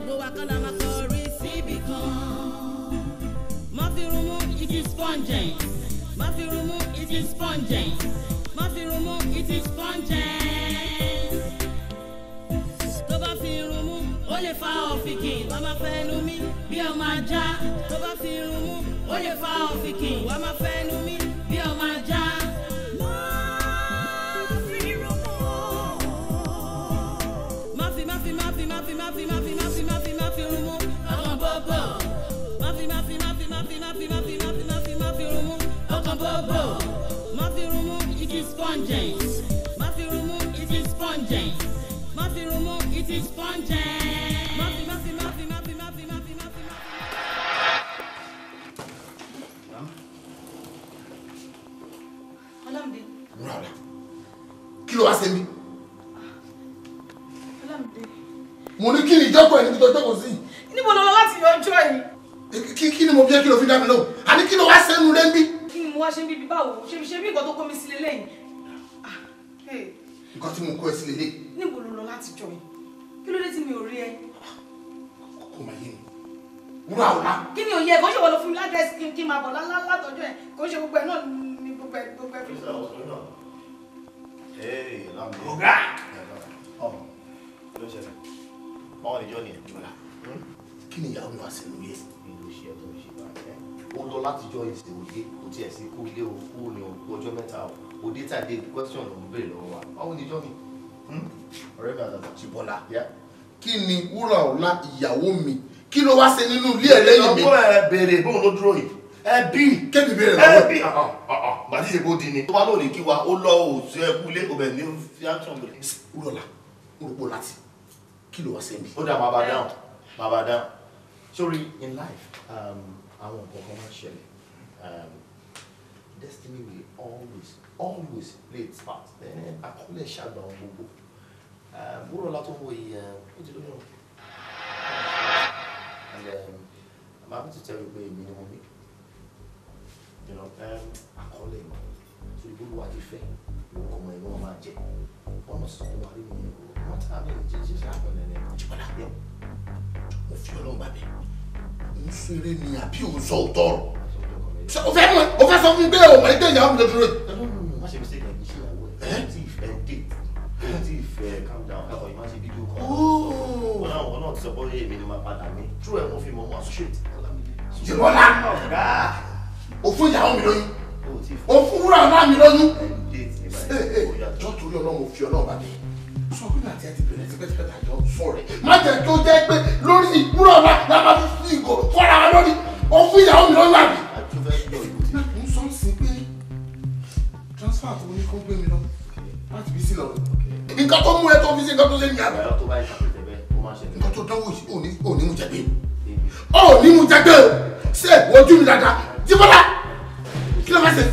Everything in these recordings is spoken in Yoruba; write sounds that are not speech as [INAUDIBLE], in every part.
gbogbo wa kọ́ la máa kọrí síbi kan. má fi rumú it is pungent má fi rumú it is pungent má fi rumú it is pungent. tó bá fi rumú ó lè fa ọ̀fìnkì wá máa fẹ́ nu mí bí ọmọ ajá tó bá fi rumú ó lè fa ọ̀fìnkì wá máa fẹ́ nu mí. pungent. Mafirumu, it is pungent. Mafirumu, it is pungent. Mafi, mafi, mafi, mafi, mafi, mafi, mafi, mafi. Ọlámídé. Rárá. Kí ló wá ṣe mí? Ọlámídé. Mo ní kí ni ìjọ́kọ̀ ẹ̀ níbi tó jọ́kọ̀ mo bí ẹ́ kí ló fi dá mi lóhùn? mo wá ṣe ń bíbí báwo? Ṣé mi ṣe tó kọ́ mi sílé lẹ́yìn? nǹkan tí mo kọ́ ẹ sí lélẹ̀. níbo ló lọ láti jọ yìí kí ló dé tí mi ò rí ẹ. kò máa yé mi wúrà ọ̀la. kí ni òye ẹ̀ kò ń ṣe wọ́n lọ fún mi ládẹ́sí kí n kí n máa bọ̀ látọ̀jọ́ ẹ̀ kò ń ṣe gbogbo ẹ̀ náà ni gbogbo ẹ̀ gbogbo ẹ̀ fi. ọ̀gá báwọn ìjọ ni ìjọba hmm? kí ni ìyàwó wa sì lóye. mi ló ṣe ó lọ látijọ́ ìṣèwòye kò tiẹ̀ sí kó lé o kó ní ọjọ́ mẹ́ta o òde tàdé question ló ń bèrè lọ́wọ́ wa báwo ni jọ́mi hmm? ọ̀rẹ́ mi àtàtà ti bọ́lá kí ni wúrà ọ̀la ìyàwó mi kí ló wá ṣe nínú ilé ẹ̀ lẹ́yìn mi. ọkọ ẹ bèrè bóun ló dúró yìí ẹbí kébì bèrè lọ́wọ́ ẹbí ah, ah, ah, gbàtí ìṣègùn di ni. tó bá lóore kí wa ó lọ òsì ẹkú lé òbẹ ní fíàtọ̀ mi. wúrà orúkọ láti kí ló wá ṣe mí. ó dà máa bá dáhùn máa bá dáhùn sorry in life um, àwọn nǹkan kan máa ń ṣẹlẹ̀ um, destiny will always always play its part then akọ́lẹ̀ eh, ṣàgbà wọn gbogbo wúrọ̀ látọ̀ wọ yìí ó ti lóyún and um, I'm happy to tell you pé èmi ni mo bí akọ́lẹ̀ ìmọ̀ so ìgbóhùn wa ti fẹ́ ìwọ̀n ọmọ ìwọ̀n máa jẹ ọmọ sọ̀tọ̀ wà nínú ìwọ̀n wọn tá a lè jẹ́ ṣe ṣàpẹ̀lẹ̀ ní ọjọ́ padà bẹ́ẹ̀ mo fi ọlọ́run bá bẹ́ẹ̀ ń ṣeré ni àbí òun sọ òótọ́ ọ̀rọ̀ o fẹ́ mọ̀ o fẹ́ sọ fún mi pé o mọ̀ ẹgbẹ́ ìyàwó mi lọ dúró. má ṣe mistake ẹ̀ ṣe ìyàwó ẹ̀ tí ìfẹ́ dé tí ìfẹ́ calm down ẹ̀kọ́ yìí má ṣe fídíò kan. wọn náà wọn náà ti sọ pé èmi ni màá padà mi true ẹ̀ mo fi mọ̀ mọ́ associate. jìbọ́lá o fún ìyàwó mi lóyún o fún wúrà náà mi lóyún. jọ torí ọlọ́run fi ọlọ́run bá mi sọ pé màá ti ẹ ti bẹ̀rẹ̀ tipẹ́tipẹ́ta jọ sọ rẹ̀ má jẹ́ tó jẹ́ pé lórí ìwúrọ̀ náà lábàá fi ìgò fọ́ra lórí o fún ìyàwó mi lóyún àbí. transfer tó ní kó gbé lọ láti bí sí lọ. nǹkan tó mú ẹ tó fi sí nǹkan tó ṣe ní àná. nǹkan tó dánwò yìí ò ní mú jẹ gbé mú jẹ gbé ṣe mi dáadáa jíbọ́lá kí ló máa ṣe.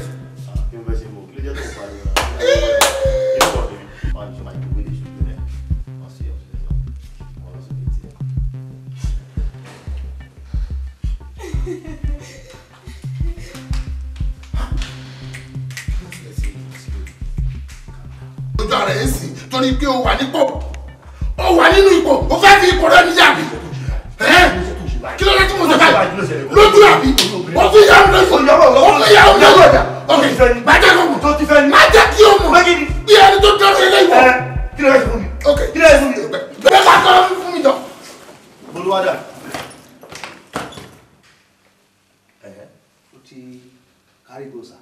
torí pé o wà nípò o wà nínú ipò o fẹ́ fi ipò rẹ níyà bí kí ló dé tí mo ṣe báyìí lójú àbí o fi yà ó lójú o fi yà ó lójú ọjà ok má jẹ́ kó mọ̀ má jẹ́ kí o mọ̀ bí ẹni tó dọ́rọ̀ ilé ìwọ. kí ló dé fún mi ok kí ló dé fún mi bẹ́ẹ̀ bá tọ́ fún mi jọ. olùwádà. kárí gbòòsà.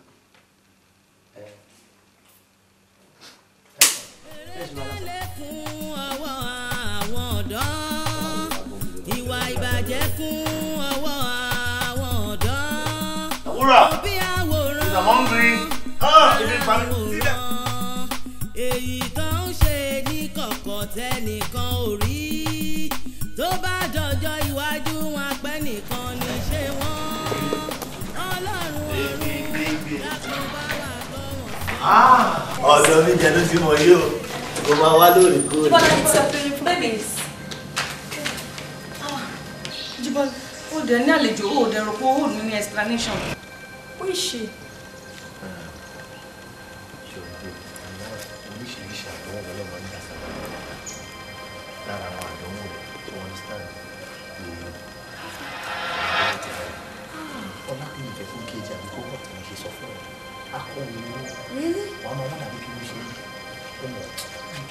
lè fún ọwọ́ àwọn ọ̀dọ́ ìwà ìbàjẹ́ fún ọwọ́ àwọn ọ̀dọ́. àwúrà ìdààmú ń rí ibi ìpamọ́ sílẹ̀. mi jẹ́ ló ti mọ̀ yìí o ó máa wá lóòrèkóòrè. Jíbọ́lá it's a ah, premise. Jíbọ́lá ó dẹ̀ ní àlejò ó dẹ̀ rò pé ó ní explanation. Ó ì ṣe. Ah, oríṣiríṣi àdánwò lọ́lọ́mọ ní àṣàbà lára àwọn àdánwò tó wọ́n stand lórí ọlápìnrin ìfẹ́ fún kejì àbí kó wọ́n kì í ṣe sọ fún ẹ̀ akọni wọn wọn máa wọ́n dàbí kí wọ́n ṣe ọmọ.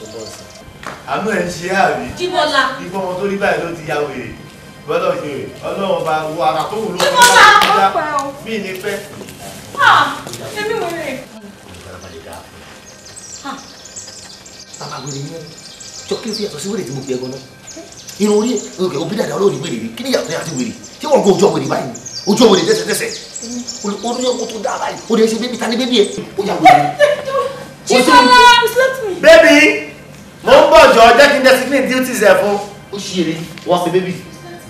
tó bọ̀ sí. àánú ẹ̀ ń ṣe àrí. jíbọ́lá. ikú ọmọ tó rí báyìí ló ti ya wèrè gbọ́dọ̀ ṣe rè ọlọ́run bá wo ara tó wù ló ń bá mí ní pẹ́. èmi wò rè. bàbá wèrè yẹn jọ kí n fi yàtọ̀ sí wèrè tí mo gbẹ gan náà irun orí òkè òbí dàda olóòrì wèrè rí kí ni yàtọ̀ yàtọ̀ wèrè tí wọ́n kó ojú ọ̀wèrè báyìí ojú ọ̀wèrè dẹ́sẹ̀dẹ́sẹ̀ orí ọkọ tó dáa báyìí o lè ṣe bébí ta ni bébí ẹ o yà wèrè. baby mo ń bọ̀ jọ jẹ́ kí n designate duties ẹ̀ fún ó ṣe eré wọ́n ṣe bébì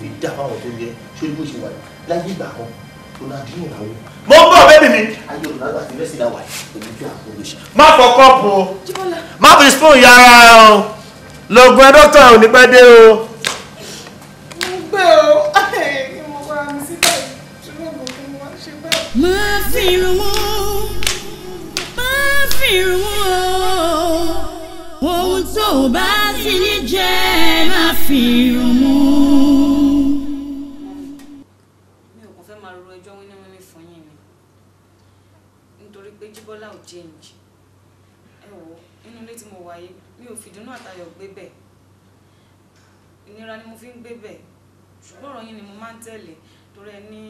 ìdá fáwọn tó yẹ ṣé bó ṣe wà láyé ìgbà kan tó náà dín mo ń bọ̀ bébì mi. ayé ọ̀nà àgbà ti náà wà èmi fẹ́ àpòlò má fọ kọ́ọ̀pù o má fi spoon ya o lóògùn ẹ dókítà ò ní pẹ́ dé o. mo gbé o mo kọ́ra mi síbẹ̀ ṣùgbọ́n mo kí fi irun wọ́n má ò bá ti ní ma fi rùn mú. mi ni nítorí pé ẹ nínú tí mo wáyé mi ò gbé ìnira ni mo fi ṣùgbọ́n ni mo máa ń tẹ̀lé torí ẹ ní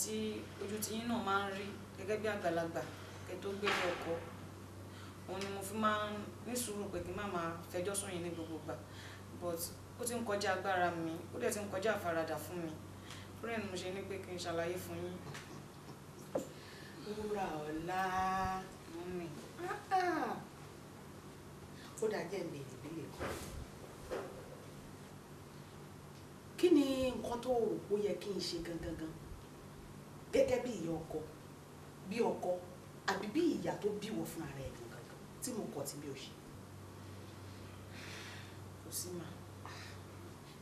tí ojú náà máa ń rí gẹ́gẹ́ bí àgbàlagbà tó gbé ọkọ̀ òun ni mo fi máa ń ní sùúrù pé kí n má máa fẹjọ́ sùn yín ní gbogbo ìgbà but ó ti ń kọjá agbára mi ó dẹ̀ ti ń kọjá àfaradà fún mi lórí ẹni mo ṣe ní pé kí n ṣàlàyé fún yín. wúrà ọ̀la mọ́mì ó dájẹ́ ìbéèrè ìbílẹ̀ kan kí ni nǹkan tó rò ó yẹ kí n ṣe gangan gan gẹ́gẹ́ bí ìyá ọkọ bí ọkọ àbí bí ìyá tó bí wọ fúnra rẹ̀ tí mo kọ̀ tí mi ò ṣe kò sí mà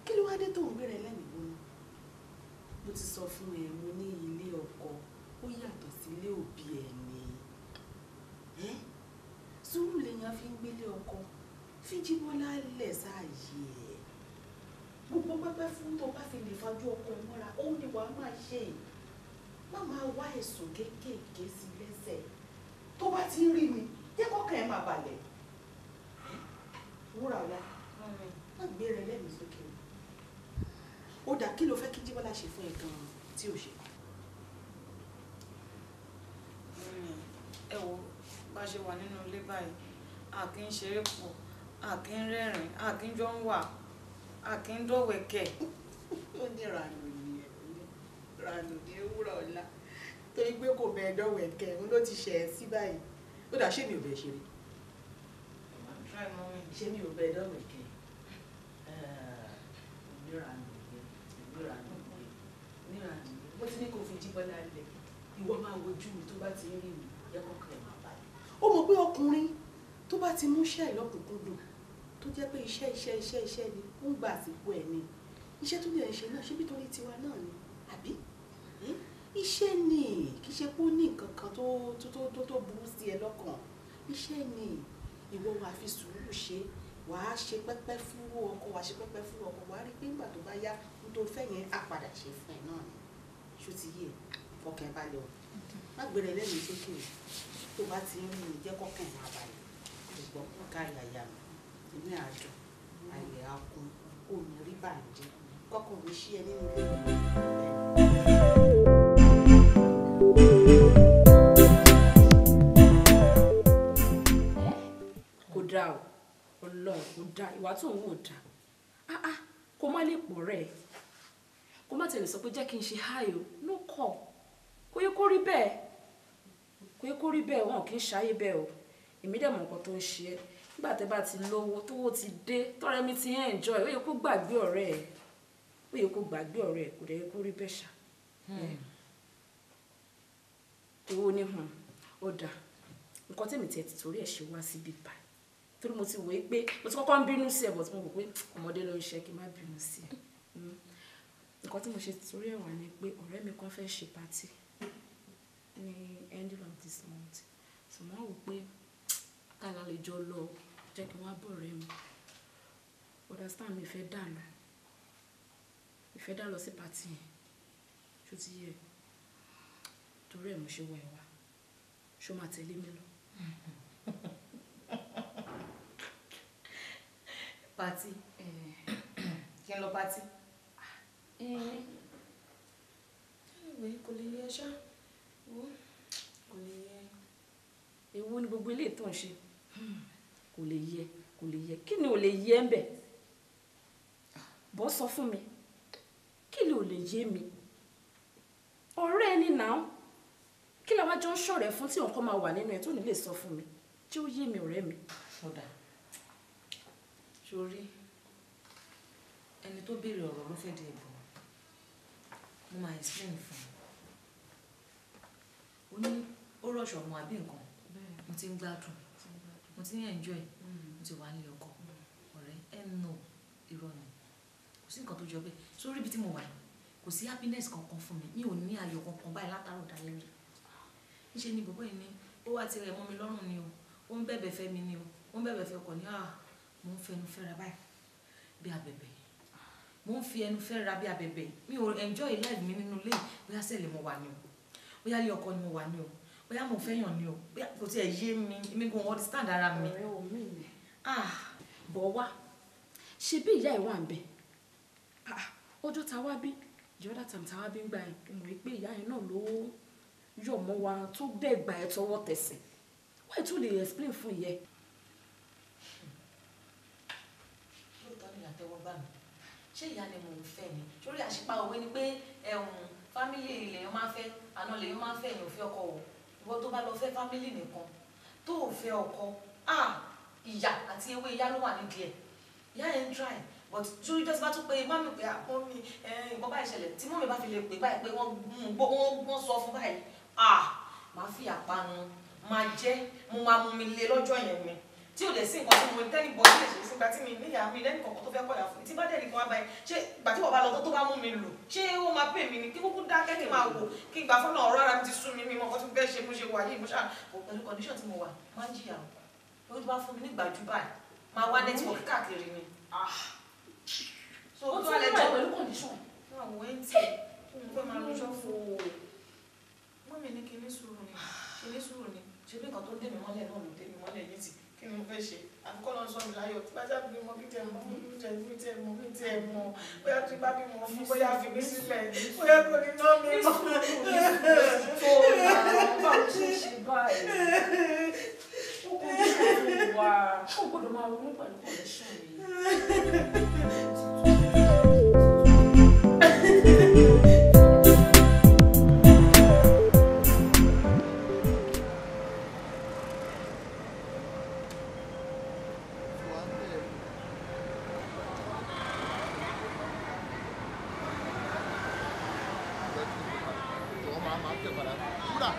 kí ló wá dé tó ń gbéra ẹlẹ́mìí gbóná mo ti sọ fún ẹ mo ní ilé ọkọ ó yàtọ̀ sí ilé òbí ẹ ni sùúrù lèèyàn fi ń gbélé ọkọ fíjíbọ́lá lẹ̀ sáàyè ẹ̀ gbogbo pẹ́pẹ́ fún tó bá fi lè fajú ọkọ mọ́ra ó ní wàá máa ṣe é má máa wá ẹ̀sùn kéékèèké sí lẹ́sẹ̀ tó bá ti rí mi jẹ́ kọ́kàn ẹ̀ máa balẹ̀ wúrà wa má gbé rẹ lẹ́mìí sókè o dà kí ló fẹ́ kí Jíbọ́lá ṣe fún ẹ gan-an tí o ṣe. ẹ wo bá ṣe wà nínú ilé báyìí a kì í ṣeré pọ̀ a kì í rẹ́rìn a kì í jọ ń wà a kì í dọ̀wẹ̀kẹ̀. ó ní ìrànú ni ẹ ìrànú ni ewúrọ̀ ọ̀la torí pé kò bẹ́ẹ̀ dọ̀wẹ̀kẹ̀ òun ló ti ṣẹ̀ ẹ́ sí báyìí ó dà ṣé mi ò bẹ ṣe rí ṣé mi ò bẹ dọ́mẹ̀kẹ́ ìnira nù ìnira nù ìnira nù mo ti ní kó fi jí bọ́lá lẹ̀ ìwọ máa wojú mi tó bá ti ń rí mi yẹ kọ́kọ́ ẹ̀ máa balẹ̀. ó mọ̀ pé ọkùnrin tó bá ti mú iṣẹ́ ìlọ́kùnkúndùn tó jẹ́ pé iṣẹ́ iṣẹ́ iṣẹ́ iṣẹ́ ni ó ń gba àsìkò ẹ̀ ni iṣẹ́ tó lè ṣe náà ṣé bí torí tiwa náà ni àbí iṣẹ́ ni kì í ṣe pé ó ní nǹkan kan tó tó tó tó burú sí ẹ lọ́kàn iṣẹ́ ni ìwọ wàá fi sùúrù ṣe wàá ṣe pẹ́pẹ́ fúrú ọkọ wàá ṣe pẹ́pẹ́ fúrú ọkọ wàá rí pé nígbà tó bá yá ní tó fẹ́ yẹn á padà ṣe fún ẹ náà ni ṣó ti yé fọkàn balẹ̀ o má gbèrè lẹ́mìí sókè o tó bá ti ń rìn jẹ́ kọ́kàn máa balẹ̀ gbogbo ọ̀gá àyàyà mi èmi àjọ àyè akun kò ní rí bàjẹ́ kọ́kàn mi ṣí ẹ nínú ilé mi. dá ìwà tó ń wò dá ah ah kó má lè pọ̀ rẹ̀ kó má tẹ̀lé sọ pé jẹ́ kí n ṣe háì o ló kọ̀ kó yẹ kó rí bẹ́ẹ̀ kó yẹ kó rí bẹ́ẹ̀ wọn kì í ṣayé bẹ́ẹ̀ o èmi dẹ̀ mọ̀ nǹkan tó ń ṣe ẹ́ nígbà tẹ́ bá ti lówó tówó ti dé tọ́rẹ́ mi ti enjoy ó yẹ kó gbàgbé ọ̀rẹ́ ẹ̀ ó yẹ kó gbàgbé ọ̀rẹ́ ẹ̀ kò dẹ̀ yẹ kó rí bẹ́ẹ̀ ṣá hmm. owó ní hàn hmm, nǹkan tẹ̀mí tiẹ̀ ti torí ẹ̀ ṣe wá síbi bá torí mo ti wò é pé mo ti kọ́kọ́ ń bínú sí ẹ̀ but mo wò pé ọmọdé ló ń ṣe kí n má bínú sí ẹ̀ hmm. nǹkan tí mo ṣe torí ẹ̀ wá ni pé ọ̀rẹ́ mi kan fẹ́ ṣe pàtì ní end of this month so mo wò pé kálá lè jọ lọ jẹ́ kí wọ́n á bọ̀ ọ̀rẹ́ mi understand mi fẹ́ dà lọ mi fẹ́ dà lọ sí pàtì yẹn ṣó ti yẹ torí ẹ̀ mo ṣe wọ ẹ̀ ṣó máa tẹ̀lé mi lọ. [LAUGHS] pati kí eh, lo lọ pati. ìwé kò lè yẹ ṣá wo kò lè yẹ. èwo ni gbogbo ilé ìtàn ṣe kò lè yẹ kò lè yẹ kí ni ò lè yẹ ń bẹ bọ́ sọ fún mi kí ni ò lè yé mi ọ̀rẹ́ ẹni náà kí la wá jọ ń ṣọ̀rẹ́ fún tí òun kọ́ máa wà nínú ẹ̀ tó ní lè sọ fún mi tí ó yé mi ọ̀rẹ́ mi. ọ̀dà Ṣorí, ẹni tó béèrè ọ̀rọ̀ ló fẹ́ di ẹ̀bùn. Mo máa explain fún ẹ. Ó ní ó rush ọmọ àbí nǹkan. Mo ti ń gbádùn. Mo ti ń enjoy. Mm. Mo ti wà nílé ọkọ. Mm. Ọ̀rẹ́ ẹ no irọ́ ni. Kò sí nǹkan tó jọ bẹ́ẹ̀. Sórí ibi tí mo wà kò sí happiness kankan fún mi. Mi ò ní ayọ̀ kankan báyìí látàárọ̀ dalẹ́ rí. Níṣe ni bọ̀bọ́ yìí ní ó wá tirẹ̀ mọ́ mi lọ́rùn ni o. Ó ń bẹ̀bẹ̀ fẹ́ mi ni o. Ó ń bẹ̀bẹ̀ fẹ́ ọkọ ni. Ah! mo ń fẹnu fẹ́ra báyìí bí abẹ̀bẹ̀ mo ń fi ẹnu fẹ́ra bí abẹ̀bẹ̀ mi ò enjoy life mi nínú ilé bóyá sẹ́lẹ̀ mo wà ní o bóyá ilé ọkọ ni mo wà ní o bóyá mo fẹ́yàn ní o bóyá kò tiẹ̀ yé mi mi kò wọ́n stand ara mi. ọ̀rẹ́ o mi ni. Ah, bọ̀ wá ṣe bí ìyá ẹ̀ wà ń bẹ̀ ah, ọjọ́ ta wá bí the other time ta wá bí ń gbà yẹn mo rí pé ìyá yẹn náà ló yọ̀ mọ́ wa tó dẹ̀ gbà ẹ̀ tọwọ́ tẹsẹ̀ wọ́n tún lè explain fún ìyẹn tẹ́wọ́ bá mi ṣé ìyá ni mò torí àṣìpa òwe ni pé ẹ̀hún fámílì lèyàn máa fẹ́ àná lèyàn máa fẹ́ èèyàn ọkọ wò ìwọ tó bá lọ fẹ́ fámílì nìkan tó ò fẹ́ ọkọ ìyà àti ewé ìyá ló wà nídìí ẹ̀ ìyá yẹn ń try but torí bẹ́ẹ̀ bá tún pé mọ́mí pé àpọ́nmi nǹkan báyìí ṣẹlẹ̀ tí mọ́mí bá fi lè pè báyìí pé wọ́n sọ fún báyìí máa fi àpanu máa jẹ́ mo máa mú mi lé lọ́jọ́ yẹn mi tí o lè sí nǹkan tí mo tẹ́lẹ̀ bọ́ sílẹ̀ ṣe sígbà tí mi níyà mi lẹ́nu kọ̀ọ̀kan tó fẹ́ kọ̀yà fún mi tí bá dẹ̀rì kan abáyé ṣé ìgbà tí bàbá lọ tó tó bá mú mi lò ṣé ó máa pè mí ni kí kúkú dákẹ́ kí máa wò kí gbà fọ́nà ọ̀rọ̀ ara mi ti sú mi mi mọ̀ kó tí mo fẹ́ ṣe mo ṣe wà yìí mo ṣà pẹ̀lú condition tí mo wà máa ń jìyà o ó bá fún mi ní gbàjú báyìí máa wá network káàkiri ni. Ah. so ó tún lè jọ pẹ̀lú condition. àwọn ẹ̀ ń tì fún mi máa lọ ṣọ́fọ̀ mọ́mì ní ṣe bí nǹkan tó dé mi mọ́lẹ̀ náà ló dé mi mọ́lẹ̀ yìí tì kí ni mo fẹ́ ṣe àkọ́kọ́ lọ sọ mi láyọ̀ tí bá já bí mo bí tẹ mọ bí tẹ bí tẹ mọ bí tẹ mọ bóyá tí bá bí mo fún bóyá fi mí sílẹ̀ bóyá kò ní ná mi mọ́. tó o nà ó bá ṣe ṣe báyìí ó kò ní ṣe wá ó gbọ́dọ̀ máa ronú pẹ̀lú kọ̀ọ̀lẹ́ṣọ̀ mi. からほら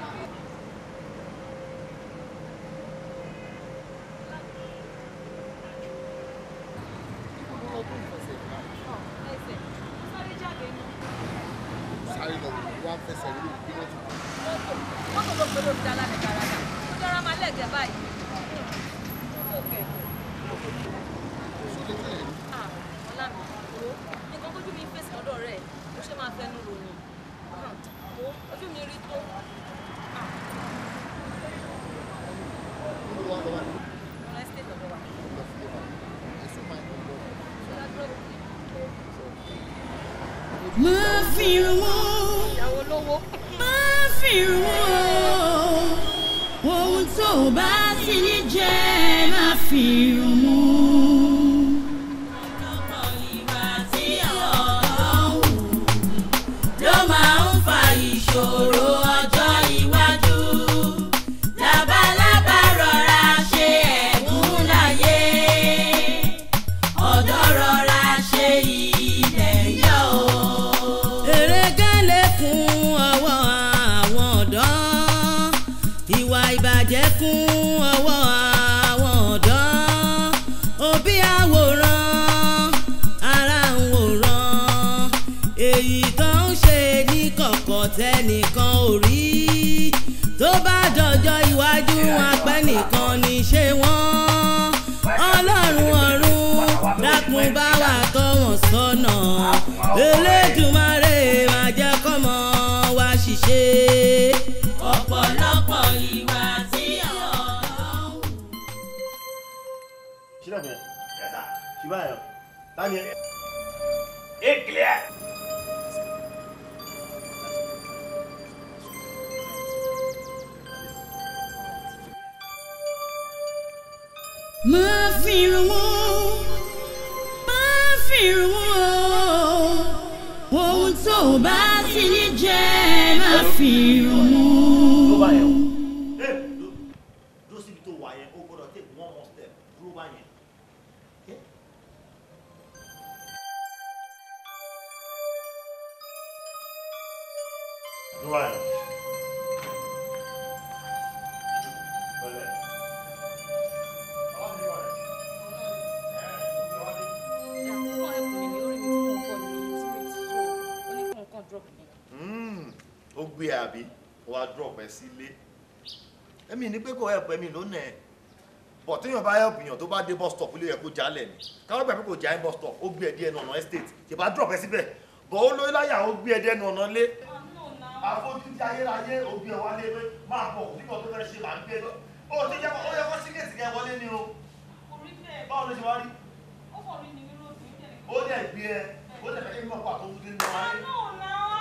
fine. Mm, ó gbé àbí wàá drop ẹ sílé ẹmí ní pé kò help ẹmí ló nà ẹ bọ̀ téèyàn bá help yàn tó bá dé bus stop ilé yẹ kó jalè ni káwọn gbà pé kò já ẹ bus stop ó gbé ẹ díẹ̀ nù ọ̀nà estate yẹ bá drop ẹ síbẹ̀ bọ̀ ó lóyún láyà ó gbé ẹ díẹ̀ nù ọ̀nà lé àfojúdi ayérayé òbí ẹ̀ wálé pé máa bọ̀ nígbà tó fẹ́ ṣe máa ń gbé lọ. ó ti yẹ kó yẹ kó síkètì kẹ wọlé ni o. báwo ló ṣe wá rí. ó fọ̀ mí ní nínú òbí ó dẹ̀ gbé ẹ ó dẹ̀ fẹ́ kí n mọ̀ pàtó ń dín náà wáyé. àná ò náà wà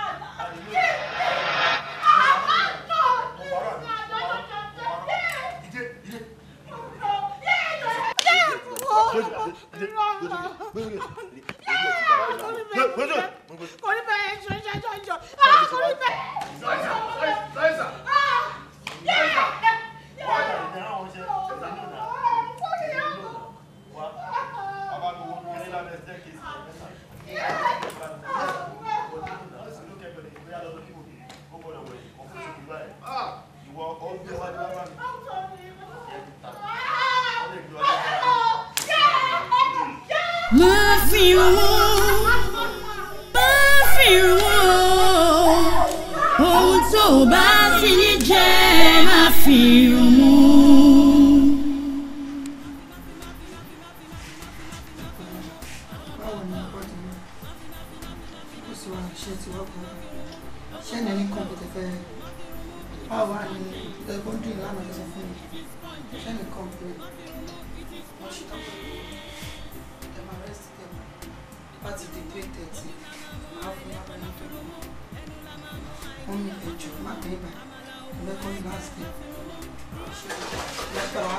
Love ní more. nobody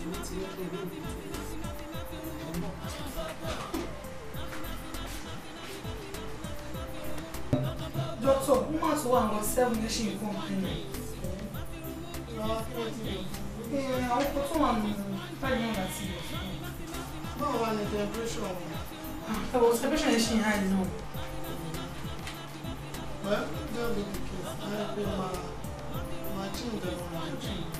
Doctor, ó mà tó àwọn seven yẹn ṣe nǹkan ọ̀hún àwọn kan tó wà nínú báyìí náà láti lọ. báwo wà ní celebration a ẹ wo celebration yẹn ṣì ń hàn náà. well that be the case i have been my change the one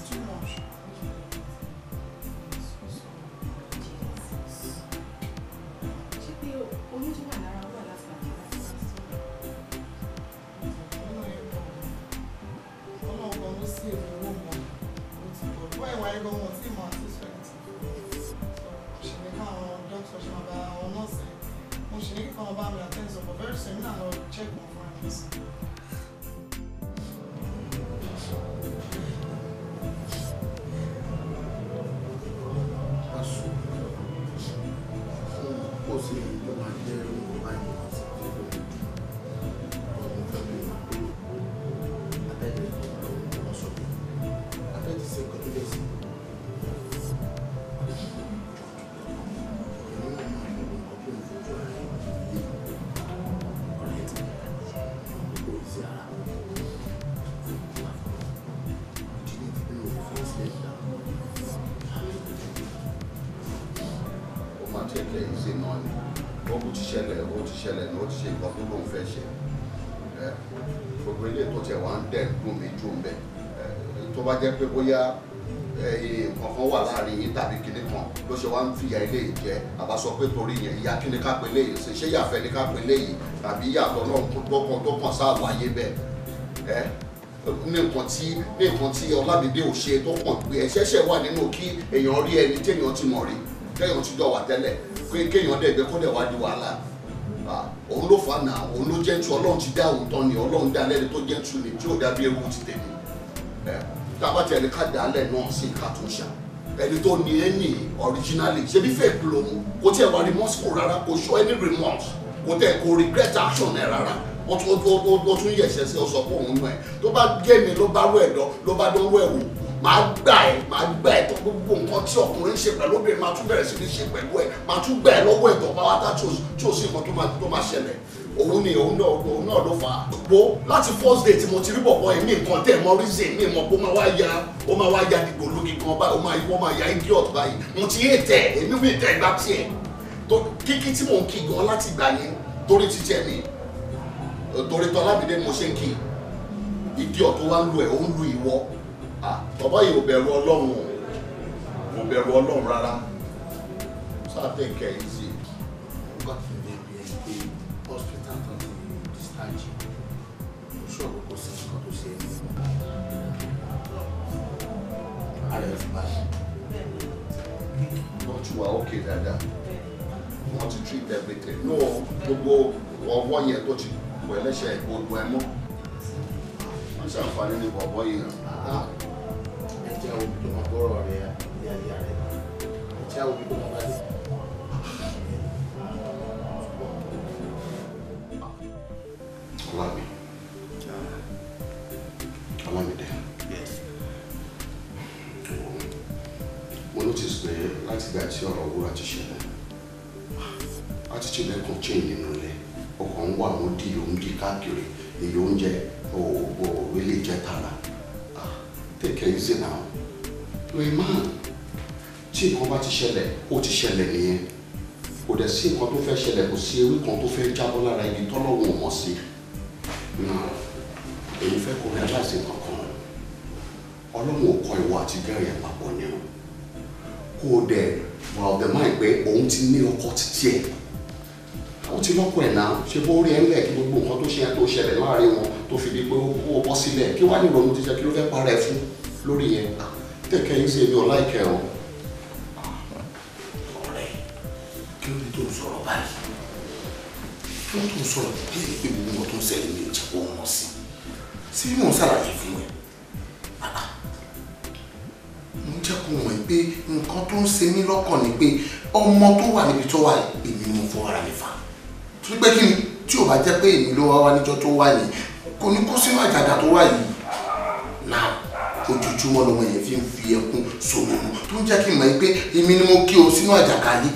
It's true. sí ló máa jẹ́ òun báyìí. ṣe nǹkan tó lóun fẹ́ ṣe gbogbo ilé tó tiẹ̀ wá ń dẹ̀ dùn mí jù mbẹ́ tó bá jẹ́ pé bóyá nǹkan kan wà láàrin yín tàbí kinní kan ló ṣe wá ń fìyà ilé yìí jẹ àbá sọ pé torí yẹn ìyá kíni ká pe léyìí ṣe ṣé yàfẹ́ ni ká pe léyìí tàbí yàtọ̀ náà tọkàn tó kàn sáà wáyé bẹ́ẹ̀ ní nǹkan tí ní nǹkan tí Ọlámídé ò ṣe tó kàn pé ẹ ṣẹ̀ṣẹ̀ wà nínú kí èèyàn rí ẹni téèyàn ti mọ̀ rí téèyàn ti jọ wà tẹ́lẹ̀ pé kéèyàn dẹ̀ gbé kó dẹ̀ wá di wàhálà òun ló fà náà òun ló jẹ́ tu ọlọ́run ti dá òun tán ni ọlọ́run dá lẹ́ni tó jẹ́ tu ni tí ò dábí ewu ti tèmi tábàtì ẹni ká dàálẹ̀ náà sí ká tún ṣá ẹni tó ní ẹni ọ̀ríjínálì ṣebí fake ló mú kó tiẹ̀ wá remorse kó rárá kó show any remorse kó tẹ̀ kó regret action ẹ̀ rárá ó tún yẹ̀ṣẹ̀ sí ọ̀sọ̀ fún òun náà tó bá gé mi ló bá rú ẹ̀dọ́ ló bá dán rú ẹ̀wò màá gbà ẹ màá gbà ẹ tó gbogbo nǹkan tí ọkùnrin ń ṣe pẹ̀lú obìnrin màá tún bẹ̀rẹ̀ sí ní ṣe pẹ̀lú ẹ màá tún gbà ẹ lọ́wọ́ ẹ̀dọ̀ pàwátá tí ò sí nǹkan tó máa ṣẹlẹ̀ òun ni òun náà òun náà ló fà á gbogbo láti first day tí mo ti rí bọ̀bọ̀ yìí mi nǹkan tẹ̀ mọ́ reason mi mọ̀ pé ó máa wá ya ó máa wá ya dìgbò lómi gan báyìí ó máa wọ́n máa ya idiot báyìí mo ti yé tẹ̀ èmi mi tẹ̀ gbá tiẹ̀ tó kíkí tí mò ń kí gan láti gbà yẹn torí ti jẹ́ mi torí tọ́lábìdé mo ṣe ń kí idiot tó wá ń lu ẹ̀ ó ń lu ìwọ bàbá yìí ò bẹ̀rù ọlọ́run ò bẹ̀rù ọlọ́run rárá sáté kẹ̀yìn sí. nígbà tí ilé ibi ẹni pé hospital kan ní discharge kò sọ̀rọ̀ kò sí nǹkan tó ṣe ẹni. ara ẹ̀ ti bá a. wọ́n ti wà ókè dáadáa wọ́n ti treat everything ní gbogbo ọwọ́ yẹn tó ti wọ ẹlẹ́ṣẹ̀ gbogbo ẹ mọ́. wọ́n ṣàǹfààní ní bọ̀bọ́ yìí hàn. Ah, ah àwọn òbí tó máa gbọ́rọ̀ rẹ ilé ayé rẹ ìjà òbí tó máa bá dé. Ọlámi. Ọlámidé. Mo notice pé láti gbà tí ọ̀rọ̀ wúrà ti ṣẹlẹ̀, attitude ẹ̀kan change nínú ilẹ̀, ọkàn ń wà wọ́n dì òun káàkiri, èyí oúnjẹ òògùn òwe lè jẹ́ tààrà. Take it easy now to a man tí nǹkan bá ti ṣẹlẹ̀ ó ti ṣẹlẹ̀ nìyẹn kò dẹ̀ sí nǹkan tó fẹ́ ṣẹlẹ̀ kò sí ewé kan tó fẹ́ jábọ́ lára ibi tọ́lọ́run ò mọ̀ sí náà èyí fẹ́ kó realize nǹkan kan ọlọ́run ò kọ ìwọ àti gẹ́rì ẹ̀ papọ̀ ni o kó o dẹ̀ wà ọ̀dẹ̀ máa pé òun ti ní ọkọ títí ẹ̀ ó ti lọ́kọ ẹ̀ náà ṣe bó rí ẹ̀ ńlẹ̀ kí gbogbo nǹkan tó ṣe ẹ̀ tó ṣẹlẹ̀ láàrin wọn tó fi di pé ó bọ́ sílẹ̀ kí wàá ní ìrònú ti jẹ́ kí ló fẹ́ para ẹ̀ tẹ̀kẹ́ yín sí èmi ò láìkẹ́ o. ọ̀rẹ́ kí ló dé tó ń sọ̀rọ̀ báyìí kí ló tó ń sọ̀rọ̀ bí èpè gbogbo tó ń ṣẹlẹ̀ ní ìjà kó wọn sí sí bí mò ń ṣàlàyé fún ẹ ah, ah. mo ń jẹ́ kó mọ̀ pé nǹkan tó ń ṣe mí lọ́kàn ni pé ọmọ tó wà níbi tó wà èmi mo fọ ara mi fà torí pé kí ni tí ò bá jẹ́ pé èmi ló wá wá níjọ́ tó wà yìí kò ní kó sínú àjàgà tó wà yìí ojoojúmọ́ lọ́mọ yẹn fi ń fi ẹkún sòmùnù tó ń jẹ́ kí n mọ̀ pé èmi ni mo kí o sínú àjàkálẹ̀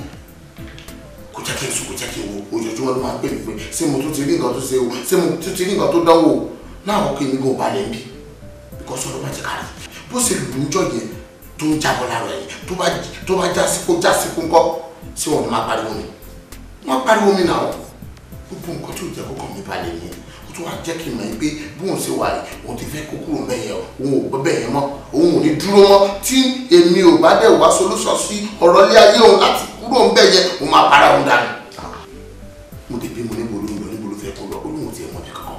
kò jẹ́ kí n sùn kò jẹ́ kí n wo ojoojúmọ́ ló máa pè mí pé ṣé mo tún ti rí nǹkan tó ṣe o ṣé mo tún ti rí nǹkan tó dánwò láwọn kí n balẹ̀ ń bì because ọ̀rọ̀ má jẹ́ ká rí bó ṣe lù ń jọ yẹn tó ń jábọ́ lára ẹ̀ tó bá jásíkó jásíkó ńkọ́ sí wọn máa pariwo mi wọ́n pariwo mi náà gbogbo nǹkan tí ò jẹ́ kó balẹ̀ yẹn tó a jẹ́ kí n mọ̀ yín pé bóun ṣe wà yìí òun ti fẹ́ kó kúrò bẹ́yẹn òun ò gbọ́ bẹ́yẹn mọ́ òun ò ní dúró mọ́ tí èmi ò bá dẹ̀ wá solúsọ sí ọ̀rọ̀ ilé ayé òun láti kúrò ń bẹ́yẹn òun máa para òun dànù. mo ti bí mo ní bolú lọ níbo ló fẹ́ kó lọ olóhùn ti ẹ̀mọ́ bí kankan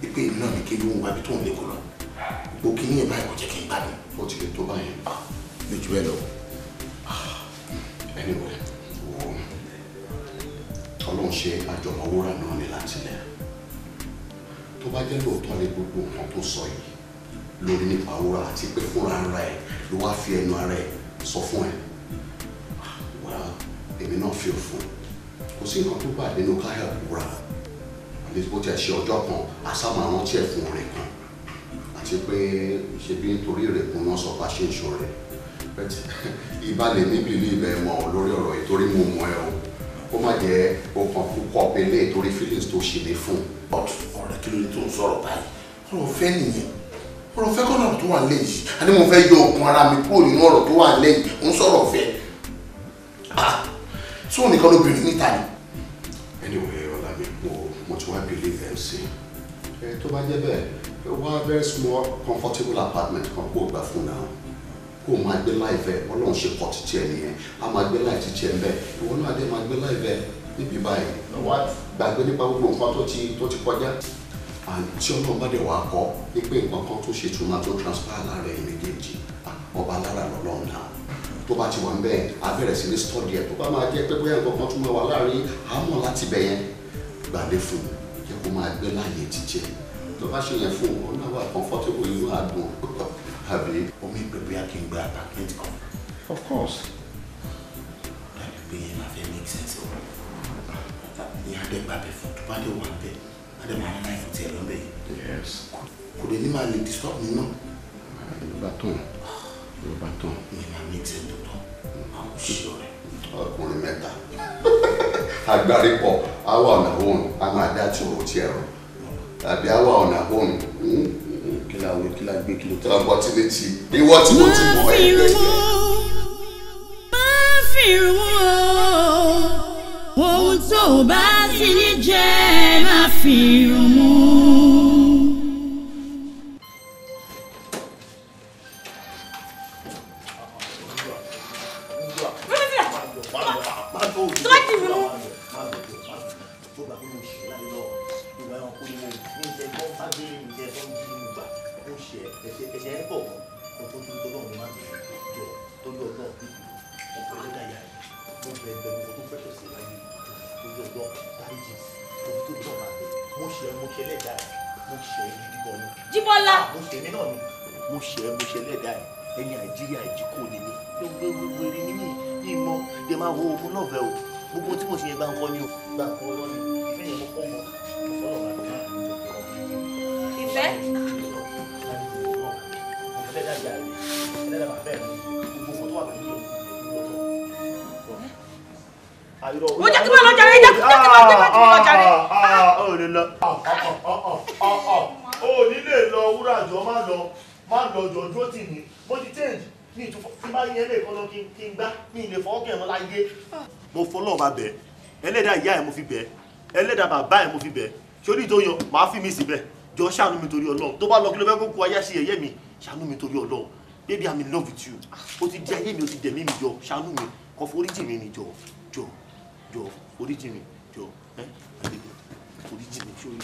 wípé èmi náà ní kí lóhùn wá bí tóun lè kó lọ gbogbo kí ní ìbáyìí ọlọ́run ṣe àjọmọ̀wúrà náà ní látilẹ̀ tó bá jẹ́ lóòótọ́ ni gbogbo nǹkan tó sọ yìí lórí nípa wúrà àti pé fúnra ara ẹ̀ ló wá fi ẹnu ara ẹ̀ sọ fún ẹ̀ ah, wá èmi náà fi òfin kò sí nǹkan tó bá nínú káyà wúrà àti bó ti ṣe ọjọ́ kan àsámà rántí ẹ̀ fún orin kan àti pé ṣe bí nítorí ìrẹ̀kùn náà sọ pa ṣe ìṣòro rẹ̀ [LAUGHS] ìbálẹ̀ níbi ilé ibẹ̀ mọ́ lórí ọ̀rọ̀ ìtorí mo mọ ẹ o kó má jẹ́ okàn púpọ̀ pélé torí feelings tó ṣe fún. ọ̀rẹ́ kí ló ní tó ń sọ̀rọ̀ báyìí ọ̀rọ̀ fẹ́ nìyẹn ọ̀rọ̀ fẹ́ kọ́nà tó wà lẹ́yìn àní mo fẹ́ yọ okun ara mi kúrò nínú ọ̀rọ̀ tó wà lẹ́yìn ń sọ̀rọ̀ fẹ́ ah tí òun nìkan lóbìnrin níta ni. anyway ọ̀làmí mo mo ti wá believe ẹ̀ sí. ẹ tó bá jẹ́ bẹ́ẹ̀ wá very small comfortable apartment kan kó o gbà fún náà kó o máa gbé láìfẹ́ ọlọ́run ṣe pọ̀ títí ẹ̀ nìyẹn a máa gbé láì títí ẹ̀ ń bẹ̀ ìwọ náà dé máa gbé láìfẹ́ níbi báyìí gbàgbé nípa gbogbo nǹkan tó ti tó ti kọjá àti ọlọ́run bá dẹ̀ kọ́ pé nǹkan kan tó ṣe tuma tó transfer lára ẹ̀ méjèèjì ọba lára lọ́lọ́run náà tó bá ti wà ń bẹ́ẹ̀ á bẹ̀rẹ̀ sí ní stọ́ọ̀dì ẹ̀ tó bá máa jẹ́ pé bóyá nǹkan kan tún máa wà láàrin àmọ́ láti bẹ̀ yẹn gbàdé fún un jẹ́ kó máa gbé láàyè jíjẹ tó bá ṣe yẹn fún un ó comfortable inú àdùn àbí omi pé bóyá kí n gba apartment of course. dàbí pé yẹn máa fẹ́ make sense o oh. ní adẹ́gbàbẹ̀ fún tó bá dé wà bẹ́ẹ̀ adẹ́gbà máa ń tiẹ̀ lọ́bẹ̀ yìí. yes. kò dé ní máa lè disturb mi náà. yorùbá tó yorùbá tó. mi máa make sense tó tán àwọn òṣìṣẹ́ rẹ̀. ọkùnrin mẹ́ta [LAUGHS] agbárí pọ̀ àwa ọ̀nà òun a máa dá tí òun ti ẹ̀rọ tàbí àwa ọ̀nà òun kí la wí kí la gbé kí ló tẹ̀lé. ọgbọ́n ti lè ti ìwọ tí mo ti mọ ẹ̀ lẹ́yìn. má fi rún o ohun tó bá ti ní jẹ́ má fi rún sórí tó yan màá fi mi síbẹ̀ jọ ṣàánú mi torí ọlọ́run tó bá lọ kí ló fẹ́ kó kó ayé ṣe ẹ̀yẹ́ mi ṣàánú mi torí ọlọ́run baby i'm in love with you o ti di ayé mi o ti dẹ̀mí mi jọ ṣàánú mi kọ foríjì mi ni jọ jọ jọ foríjì mi jọ ẹ foríjì mi sórí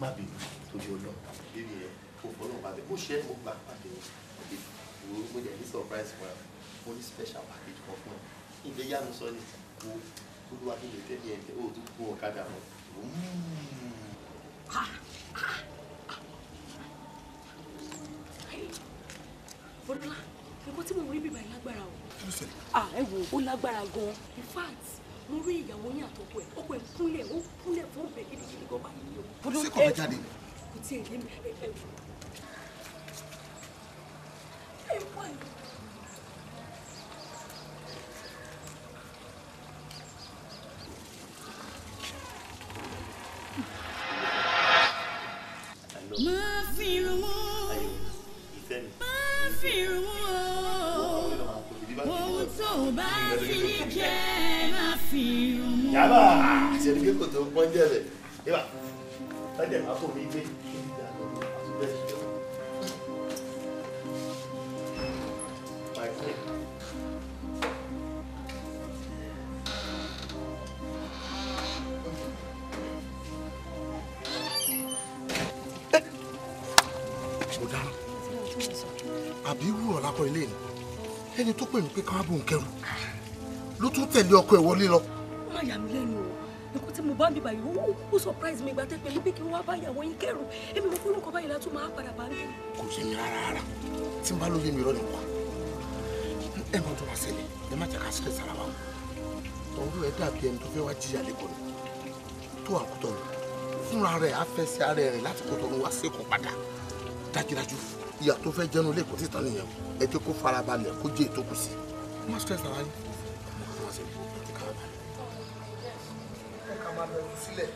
má bèbí torí ọlọ́run bèbí ẹ kò fọlọ́ bàbẹ̀ mo mo gbà ní surprise fún mo ní special package kan fún ẹ ìgbéyàwó sọ ni wo olúwa kí lè tẹ́lẹ̀ ẹ̀ o tún kú ọ̀kadà mọ́ Bọ́dọ́lá, ẹ̀kọ́ tí mo rí bíbá yìí lágbára o. Ah, ẹ wo, ó lágbára gan-an. In fact, mo rí ìyàwó yín àtọkọ ẹ̀, ọkọ ẹ̀ kúnlẹ̀, ó kúnlẹ̀ fún ọbẹ̀ gidigidi gan báyìí o. Bọ́dọ́ ṣé kò bá jáde? Kò tí ì lé mi. Ẹ wò. Ẹ yàrá àti ẹni pé kò tó pọ́njẹ́ rẹ̀ yíwá ọ̀dẹ̀ máa kò ní gbé. ẹni tó pè mí pé káwá bò ń kẹrù ló tún tẹ̀lé ọkọ ẹ̀ wọlé lọ. má yà mí lẹ́nu o nǹkan tí mo bá ń bíbá yìí ó surprise mi ìgbà tẹ́ pẹ̀lú bí kí wọ́n bá yàwó yín kẹrù èmi mo fún nǹkan báyìí látún máa padà bá ń bí. kò yé mi rárá rárá tí n bá lóye mi rọ́ọ̀nù pa ẹ mọ tó bá ṣẹlẹ̀ ẹ má jà ká sílẹ̀ sára wa ọ̀rọ̀ ẹ dàbí ẹni tó fẹ́ wá jíyà lẹ́kọ̀ọ́ ni tó àkútọ̀ lọ fúnra rẹ̀ á ara rẹ̀ láti kó tọrun wá sí ìkọ̀ padà dájúdájú fún ìyà tó fẹ́ jẹ́nu lè kó títàn nìyẹn ẹ jẹ́ kó farabalẹ̀ kó jẹ́ ètò kù sí. má stress ara yín. ẹ máa bẹ̀rù sílẹ̀.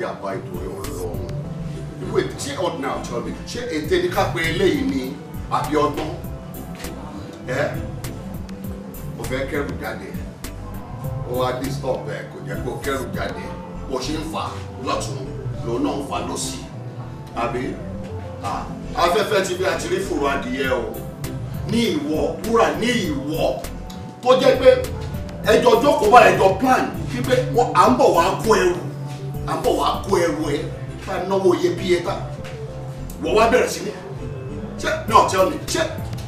yàgbá ìtòrí ọlọ́run ìwé ṣé ọ̀dùnà àtọ́ mi ṣé ètè ní kápẹ́ eléyìí ni àbí ọdún ẹ mo fẹ́ kẹ́rù jáde ó wá disturb ẹ kò jẹ́ kó kẹ́rù jáde bó ṣe ń fà lọ́tún lòun náà ń fà lọ́sì àbí afẹ́fẹ́ ti bí àti rí fòrò adìyẹ o ní ìwọ wúrà ní ìwọ tó jẹ́ pé ẹjọ́ jókòó bá ẹjọ́ plan wípé à ń bọ̀ wá kó ẹrù à ń bọ̀ wá kó ẹrù ẹ bá náwó iyebíye tá wọ́n wá bẹ̀rẹ̀ sí ní ṣé náà tẹ́ ọ ní ṣé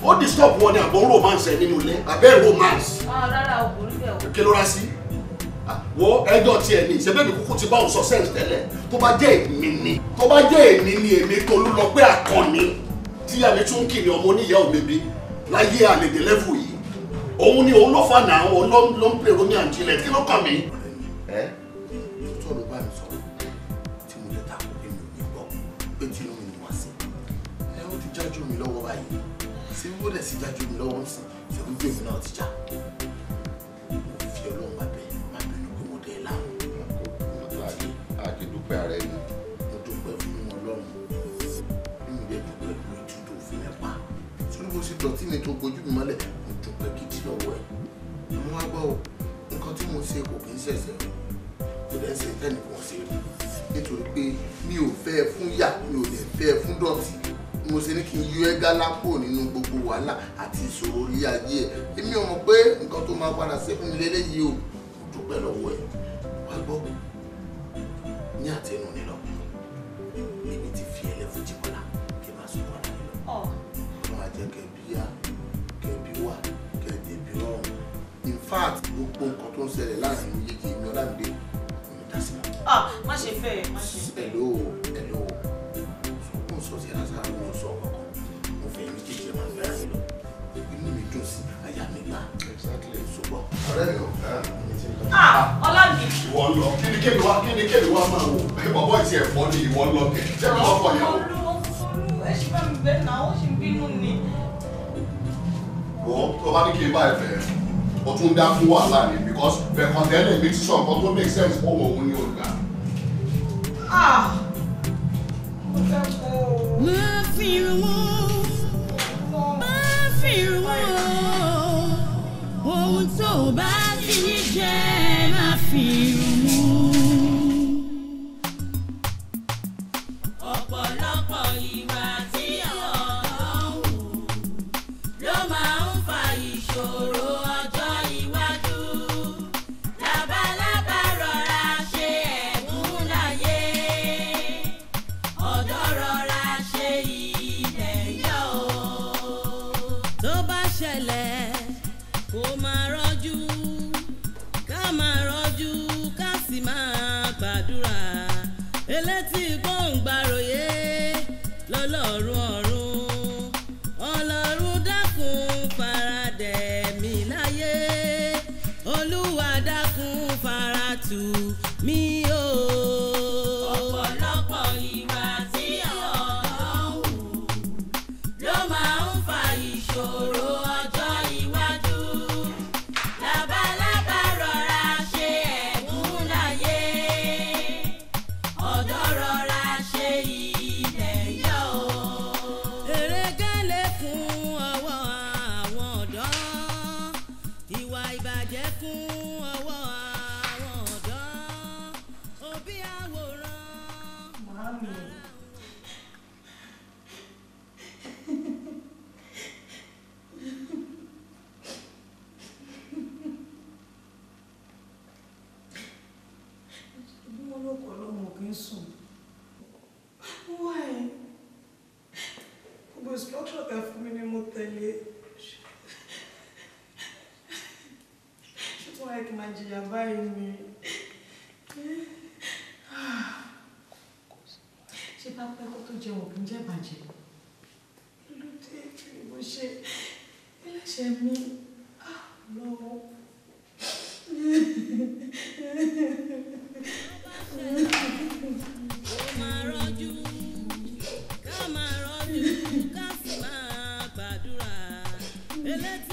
ó disturb wọn ni àbọ̀ romance ẹ̀ nínú ilé abẹ́ romance. Ah, rárá o kò rí bẹ́ẹ̀ o. kí ló rá sí ah, wo ẹjọ́ tiẹ̀ ni ìṣẹ́bẹ̀mí kúkú ti bá òun sọ sẹ́ǹsì tẹ́lẹ̀ tó bá jẹ́ èmi ni tó bá jẹ́ èmi ni èmi tolú lọ pé àkànni tí àmì tún kì ní ọmọ oníyàá òmèbí láyé àlèdè lẹ́fù yìí òun ni òun ló fà náà òun ló ń pèrò ní àǹtílẹ̀ kí ló kàn mí. lẹ̀ sí jájú mi lọ́wọ́ ń sìn ìfẹ́ wípé mi náà ti já mo fi ọlọ́run má bẹ̀ má bínú pé mo dé láwọn. àjẹdúpẹ́ ara ẹni. mo dúpẹ́ fún ọlọ́run nínú ìgbẹ́ dúpẹ́ lu ìtú tó fi mẹ́ pa sórí bó ṣe dọ̀tí mi tó gbojú mi mọ́lẹ̀ mo dúpẹ́ gidi lọ́wọ́ ẹ̀. àmọ́ wá gbọ́ nǹkan tí mo ṣe kò kí ń ṣẹ̀ṣẹ̀ kò dẹ́ ṣe tẹ́nìkan ṣe rí nítorí pé mi ò fẹ́ fún yà mi ò dẹ̀ fẹ́ fún dọ̀tí mo ṣe ní kí n yọ ẹ́ gálá kúrò nínú gbogbo wàhálà àti ìṣòro orí ayé ẹ̀ èmi ò mọ̀ pé nǹkan tó máa padà ṣe fún mi lélẹ́yìí o dúpẹ́ lọ́wọ́ ẹ̀ wá gbọ́ ní àtẹnu nílọ èmi ti fi ẹlẹ́fún jìbọ́lá kí n máa sọ wọn nílọ wọn á jẹ́ kẹ́bí yá kẹ́bí wá kẹ́bí bí ọ̀run in fact gbogbo nǹkan tó ń ṣẹlẹ̀ láàrin méjèèjì èmi ọlámídé èmi dá sí i. má ṣe fẹ́ ẹ má ṣe fẹ́ ẹ. hello hello sọ sí ẹ̀ránṣá mi ò sọ ọkọ̀ mo fẹ́ mi kéjì máa fẹ́ mi lọ inú mi dùn sí àyà mi là ṣùgbọ́n. ọ̀rẹ́ mi ò fẹ́ mi ti lọ. Ah, ọlọ́ọ̀dì. ìwọ lọ kí ni kéde wá kí ni kéde wá máa wò pé bọ́bọ́ ti ẹ̀fọ́ ni ìwọ lọ kẹ̀ jẹ́ mi ọkọ̀ yẹn o. ẹ ṣe bá mi bẹ́ẹ̀ náà ó ṣe bínú ni. wọ́n tó bá ní kí n bá ẹ fẹ́ o tún dá fún wàhálà ni because fẹ̀kọ̀tẹ́lẹ̀ mi ti sọ nǹkan tó make sense fún òun ní ògbà. Ah, My funeral.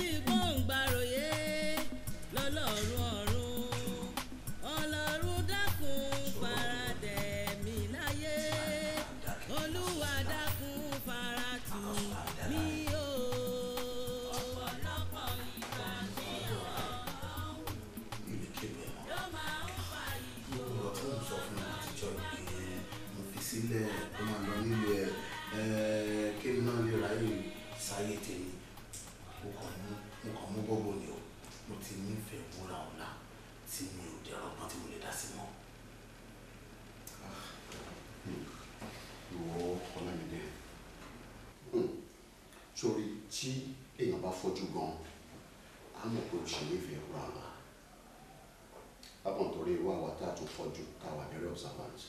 tí gbòǹgbàròyé lọ́lọ́run ọ̀run ọlọ́run dákun faradẹ̀ mi láyé olúwa mi o. ọ̀pọ̀lọpọ̀ ìgbà mi ọ̀hún ló mi tíjọ́ tí èèyàn bá fojú gan á mọ̀ pé òṣèré ìfẹ́ rà wá lábọ̀n torí irú àwa tá a tún fojú káwa very observant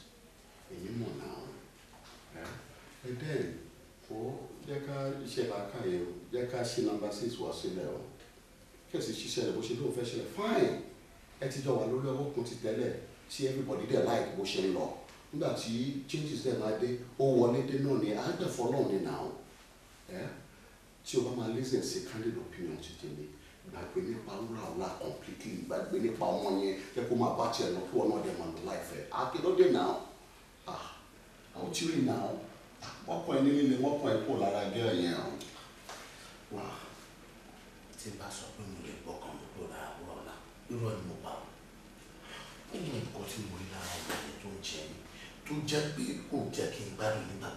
èyí mọ̀ náà ẹ dẹ́ kó jẹ́ ká iṣẹ́ la ká yẹ o jẹ́ ká ṣe nọ́mbà six wá sílẹ̀ o kẹ̀sì ṣiṣẹ́ rẹ̀ bó ṣe lóun fẹ́ ṣẹlẹ̀ fine ẹ ti jọ wà lórí ọwọ́ kan ti tẹ́lẹ̀ si everybody dẹ̀ like bó ṣe ń lọ nígbà tí changes dẹ̀ máa dé ó wọlé dé náà ni àádẹ́fọ́ náà ni now. tí o bá máa listen sí candid opinion ti tèmi gbàgbé nípa rural ọ̀la completely gbàgbé nípa ọmọ yẹn ẹ kó máa bá tiẹ̀ lọ kí wọn náà dẹ̀ máa lọ láìfẹ́ akíndọ́dẹ̀ ah, náà ah àwọn tí ó rìn náà wọ́n kọ́ ẹ ní líle wọ́n kọ́ ẹ kó lára gẹ́ yẹn o. wà á tí n bá sọ pé mo lè gbọ́kàn mi kó lára rural ọ̀la irọ́ ni mo bá wọ ó ní nǹkan tí mo rí lára ọmọ yẹn tó ń jẹ mi tó jẹ́ pé kò jẹ́ kí n gbádùn nígbà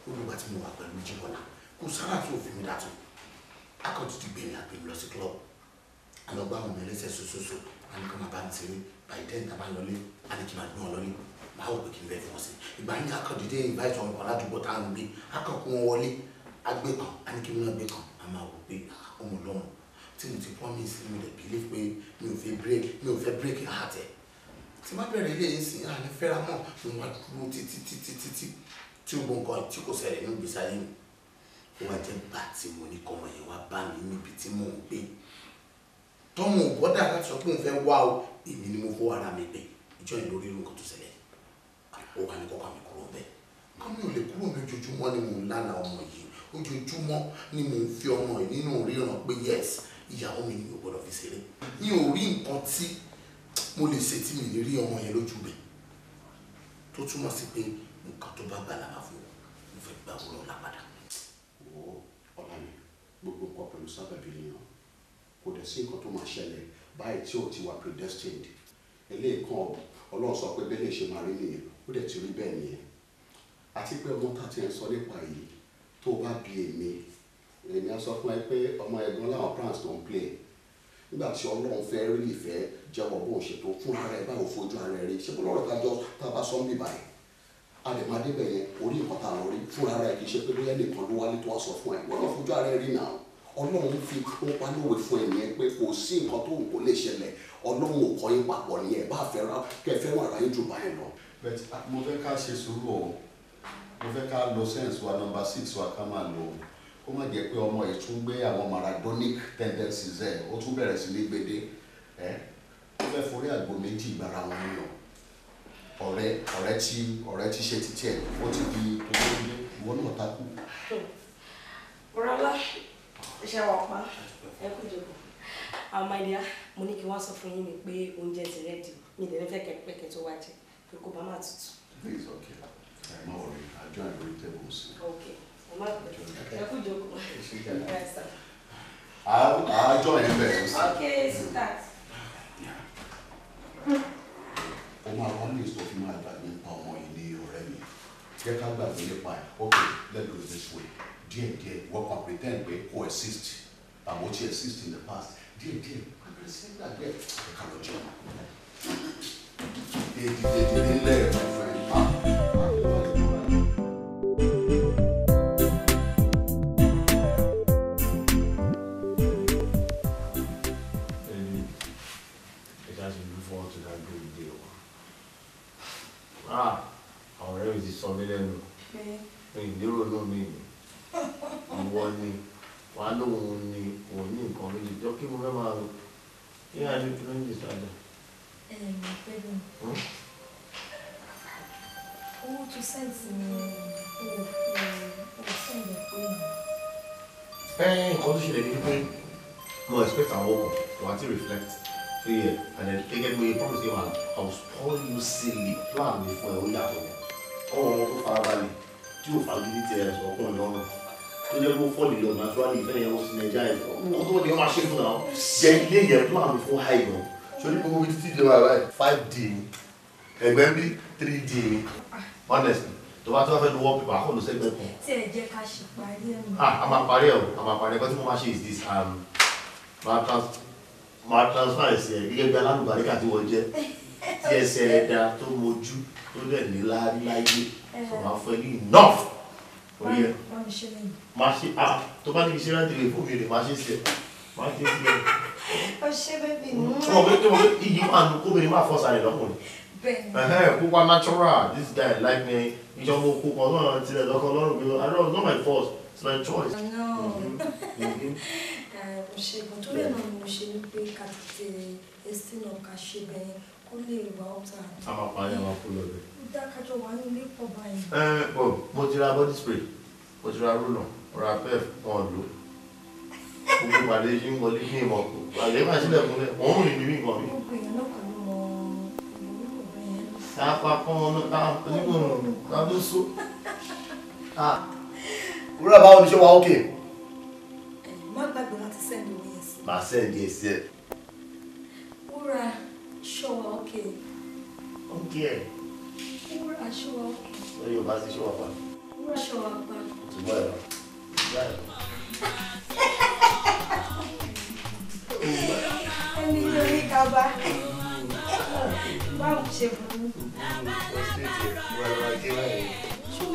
gbogbo ìgbà kò sára tó fi mi dàtò akọ̀tù ti gbé mi lọ sí club àlọ́gbà àwọn ọmọ sososo àní bá mi ṣeré báyìí dẹ́n tàbá lọlé àní kí lọlé máa pé kí n bẹ́ẹ̀ fún ọ sí ìgbà yín akọ̀dídé invite wọn kọ̀ ládùúgbò tá à ń gbé akọ̀kún wọn wọlé agbé kan àní kí kan a máa wò pé ọmọ ọlọ́run tí mo ti promise mi lè believe pé mi ò fẹ́ break mi ò fẹ́ break heart ẹ̀ tí má bẹ̀rẹ̀ ilé yìí sìn àní fẹ́ra mọ́ mo máa dúró títí títí tí ó wá jẹ́ gbà tí mo ní kọ́mọ yẹn wá bá mi níbi tí mò ń gbé tọ́mọ ò bọ́dà láti sọ pé òun fẹ́ wá o èmi ni mo fọ́ ara mi pé ìjọ yìí lórí irun kan tó ṣẹlẹ̀ ó wà ní kọ́kọ́ mi kúrò bẹ́ẹ̀ kọ́mọ ò lè kúrò ní ojoojúmọ́ ni mò ń lánàá ọmọ yìí ojoojúmọ́ ni mò ń fi ọmọ yìí nínú ríran pé yes ìyàwó mi ni mo gbọ́dọ̀ fi ṣeré mi ò rí nǹkan tí mo lè ṣe tí mi lè rí ọmọ yẹn lójú bẹ́ẹ̀ tó túmọ̀ sí pé nǹkan tó bá gbà lára fún un mo fẹ́ gbà wúlọ̀ lápadà gbogbo nǹkan pẹ̀lú sábàbí nìyàn kò dẹ̀ sí nǹkan tó máa ṣẹlẹ̀ báyìí tí ò ti wà predestined eléèkan ọlọ́run sọ pé bẹ́ẹ̀ lè ṣe máa rí nìyẹn ó dẹ̀ ti rí bẹ́ẹ̀ nìyẹn àti pé ọmọ tá a ti ń sọ nípa yìí tó bá bí èmi èmi á sọ fún ẹ pé ọmọ ẹ̀gbọ́n láwọn plans tó ń play nígbà tí ọlọ́run fẹ́ rí ìfẹ́ jẹ́wọ́ bóun ṣètò fúnra rẹ̀ báwo fojú ara rẹ̀ ṣé kó lọ́rọ̀ tá a bá sọ ń bì báyìí àdèmàdé bẹ̀yẹn orí nǹkan tá a lọ rí fúnra rẹ̀ kì í ṣe pé bóyá nìkan ló wálé tó wá sọ fún ẹ wọ́n lọ fojú ara ẹ rí nà ọlọ́run fi ń palówe fún ẹ nìyẹn pé kò sí nǹkan tó kò lè ṣẹlẹ̀ ọlọ́run ò kọ́ yín papọ̀ nìyẹn bá fẹ́ ra kẹ́ fẹ́ wà ráyé jù báyẹn lọ. bẹ́ẹ̀ mo fẹ́ ká ṣe sùúrù o mo fẹ́ ká lọ sẹ́ǹsì wa nọmba six wa ká máa lò ó kó má jẹ́ pé ọmọ yìí tún gbé àwọn maradonic tendencies ẹ̀ ó tún bẹ̀rẹ̀ sí ní gbede ẹ̀ ó fẹ́ forí àgbo méjì gbára wọn lọ ọ̀rẹ́ ọ̀rẹ́ tí ọ̀rẹ́ tí ṣe ti tiẹ̀ ó ti di olóyè ìwọ náà ta kú. rọlá iṣẹ́ wa pa ẹ kú jòkó àmọ́ ìdíyà mo ní kí wọ́n sọ fún yín mi pé oúnjẹ ti rẹ́dì mi ìdẹ́rẹ́ fẹ́ kẹ́kẹ́ tó wá jẹ pé kó bá má tutù. please okay ẹ má wọrí àjọ àìrí tẹ́bù sí. okay ẹ má pẹ́ ẹ kú jòkó ẹ sà. àjọ yẹn bẹ̀rẹ̀ sí. okay sweetheart ọmọ àwọn ní ìsọfí máa gbà nípa ọmọ yìí ní mi jẹ́ ká gbàgbé nípa ẹ̀ ok let's go this way díẹ̀ díẹ̀ wọ́n kàn pretend pé coexist àwọn tí exist in the past díẹ̀ díẹ̀ pẹ̀lú sí gbàgbé ẹ̀ka lọ́jọ́ èdè èdè nílẹ̀ ẹ̀fẹ̀ máa. Ah, àwọn ọ̀rẹ́ mi ti sọ mí lẹ́nu mi lérò náà mi ni ìwọ ni wà á lóun ni òun ní nǹkan méjì jọ kí mo fẹ́ máa lò kí á ní kí ló ń dìsájà. Hmm? owó tó sẹ́ǹtì ni owó sẹ́ǹtì pé mi. ẹ ẹ nǹkan tó ṣẹlẹ̀ ni pé mo expect àwọn ọkọ̀ wà á ti reflect tó and then gẹ́gẹ́ bí oye promise yẹn wà I will spoil you silly plan mi fún ẹ ó yàtọ̀ yẹn ọwọ́ wọn tó farabalẹ̀ tí yóò fagídí tẹ ẹ̀sọ̀ ọkùnrin lọ́rùn tó jẹ́ kó fọ́ọ̀lì lọ naturally ìfẹ́ yẹn ó sì nàìjíríà ẹ̀ ọkùnrin tó wọ́n máa ṣe fún ọ jẹ́ ilé yẹn plan mi fún high gan sori gbogbo bíi títí ìjọba rẹ five d And ẹgbẹ́ bí three d ni honestly tó bá tó bá fẹ́ lu wallpaper àkọ́ ló sẹ́gbẹ́ kan. tí ẹ jẹ́ ká ṣe parí ẹ̀ mọ́. a ah, máa I'm a máa parí ẹ̀ kọ́ tí mo is this um, máa transfer ẹsẹ̀ gẹ́gẹ́ bí alámùbáríkà tí wọ́n jẹ́ tí ẹsẹ̀ ẹ̀dá tó mojú tó dẹ̀ nílá láyé máa fẹ́ ní enough orí ẹ̀ máa ṣe ah tó bá ní iṣẹ́ láti lè fún mi rè máa ṣe sí ẹ̀ máa ṣe sí ẹ̀. ọṣẹ bẹbí mú. ọmọ pé ọmọ pé iyì máa nu kóbìnrin máa fọ́ sáré lọ́kùnrin. bẹ́ẹ̀ kó wá natural this guy like me ìjọba oko kan náà tilẹ̀ lọ́kọ lọ́rùn mi i don't know my fault it's my choice. no. Mm -hmm. Mm -hmm. [LAUGHS] òṣègùn tó bẹ́ẹ̀ náà ni mo ṣe ní pé ká tètè ẹsẹ̀ náà ká ṣe bẹ́ẹ̀ a máa pa yẹn wá kó lọ rẹ. ó dákájọ wà ní ilé pọ̀ báyìí. ẹ ẹ bọ mo ti body spray mo ti ra rúnà ra pef kan lò gbogbo pàdé yìí ń wọlé ní ìmọ̀ kò pàdé má sílẹ̀ fúnlẹ̀ wọ́n rìn ní nǹkan mi. gbogbo èèyàn náà kàn ta pa fún ọ ta onígbòrò ta ló so. [LAUGHS] Ah, wúrà báwo ni ṣé wàá ókè. Okay má gbàgbé láti sẹ́ndì owó yẹn sí. màá sẹ́ndì ẹ̀ sí ẹ. wúrà ṣọwọ́ ọ̀kẹ́. ọ̀kẹ́ ẹ̀. wúrà ṣọwọ́ ọ̀kẹ́. lórí yorùbá sí ṣọwọ́ pa. wúrà ṣọwọ́ pa. ìtumọ̀ ẹ̀rọ ìyá ẹ̀rọ. ẹni lórí kaba báwo ṣe burú. ó ṣe tiẹ̀ wọ́n ẹ̀rọ ajé máa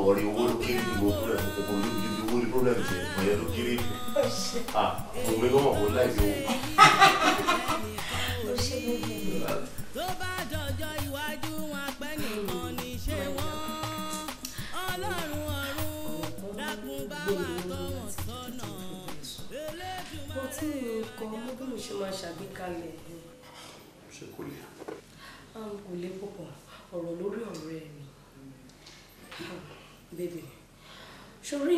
wọrí owó ló kéré ju owó rẹ kòkòrò ló ju owó ní pírọ́blẹ́mù tẹ ọ̀yẹ́ ló kéré jù ah òun ló mọ̀ wọ́n láì fi owó. kọ́ mo bí mo ṣe máa ṣàgbékalẹ̀ ẹ̀. ṣé kò lè. kò lè púpọ̀ ọ̀rọ̀ lórí ọ̀rẹ́ mi bèbè sórí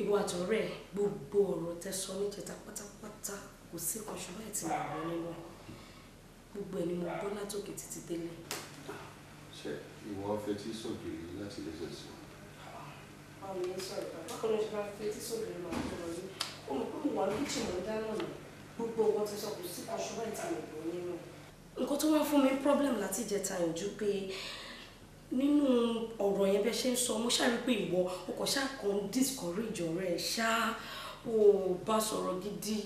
ìwà àtọ̀rẹ́ gbogbo ọ̀rọ̀ tẹ́sán níjẹta pátápátá kò sí ọ̀ṣun báyìí tí mo rọ nínú gbogbo ẹni mo gbọ́ látòkè títí délé. ṣe ìwọ fetí sògiri láti lè ṣe sùn. àwọn ènìyàn sọ̀rọ̀ bákan náà ṣe máa fetí sògiri máa ń tọrọ yìí ó mọ̀ pé mo wà lójì mọ̀ dáná nù gbogbo ọkọ ti sọ kò sí aṣọ báyìí tá mo bò nínú. nǹkan tó wá fún mi problem láti ìjẹta ìjú pé nínú ọ̀rọ̀ yẹn bẹ́ẹ̀ ṣe ń sọ mo ṣáà pé ìwọ o ṣáà kàn discourage ọ̀rẹ́ ṣáà o bá sọ̀rọ̀ gidi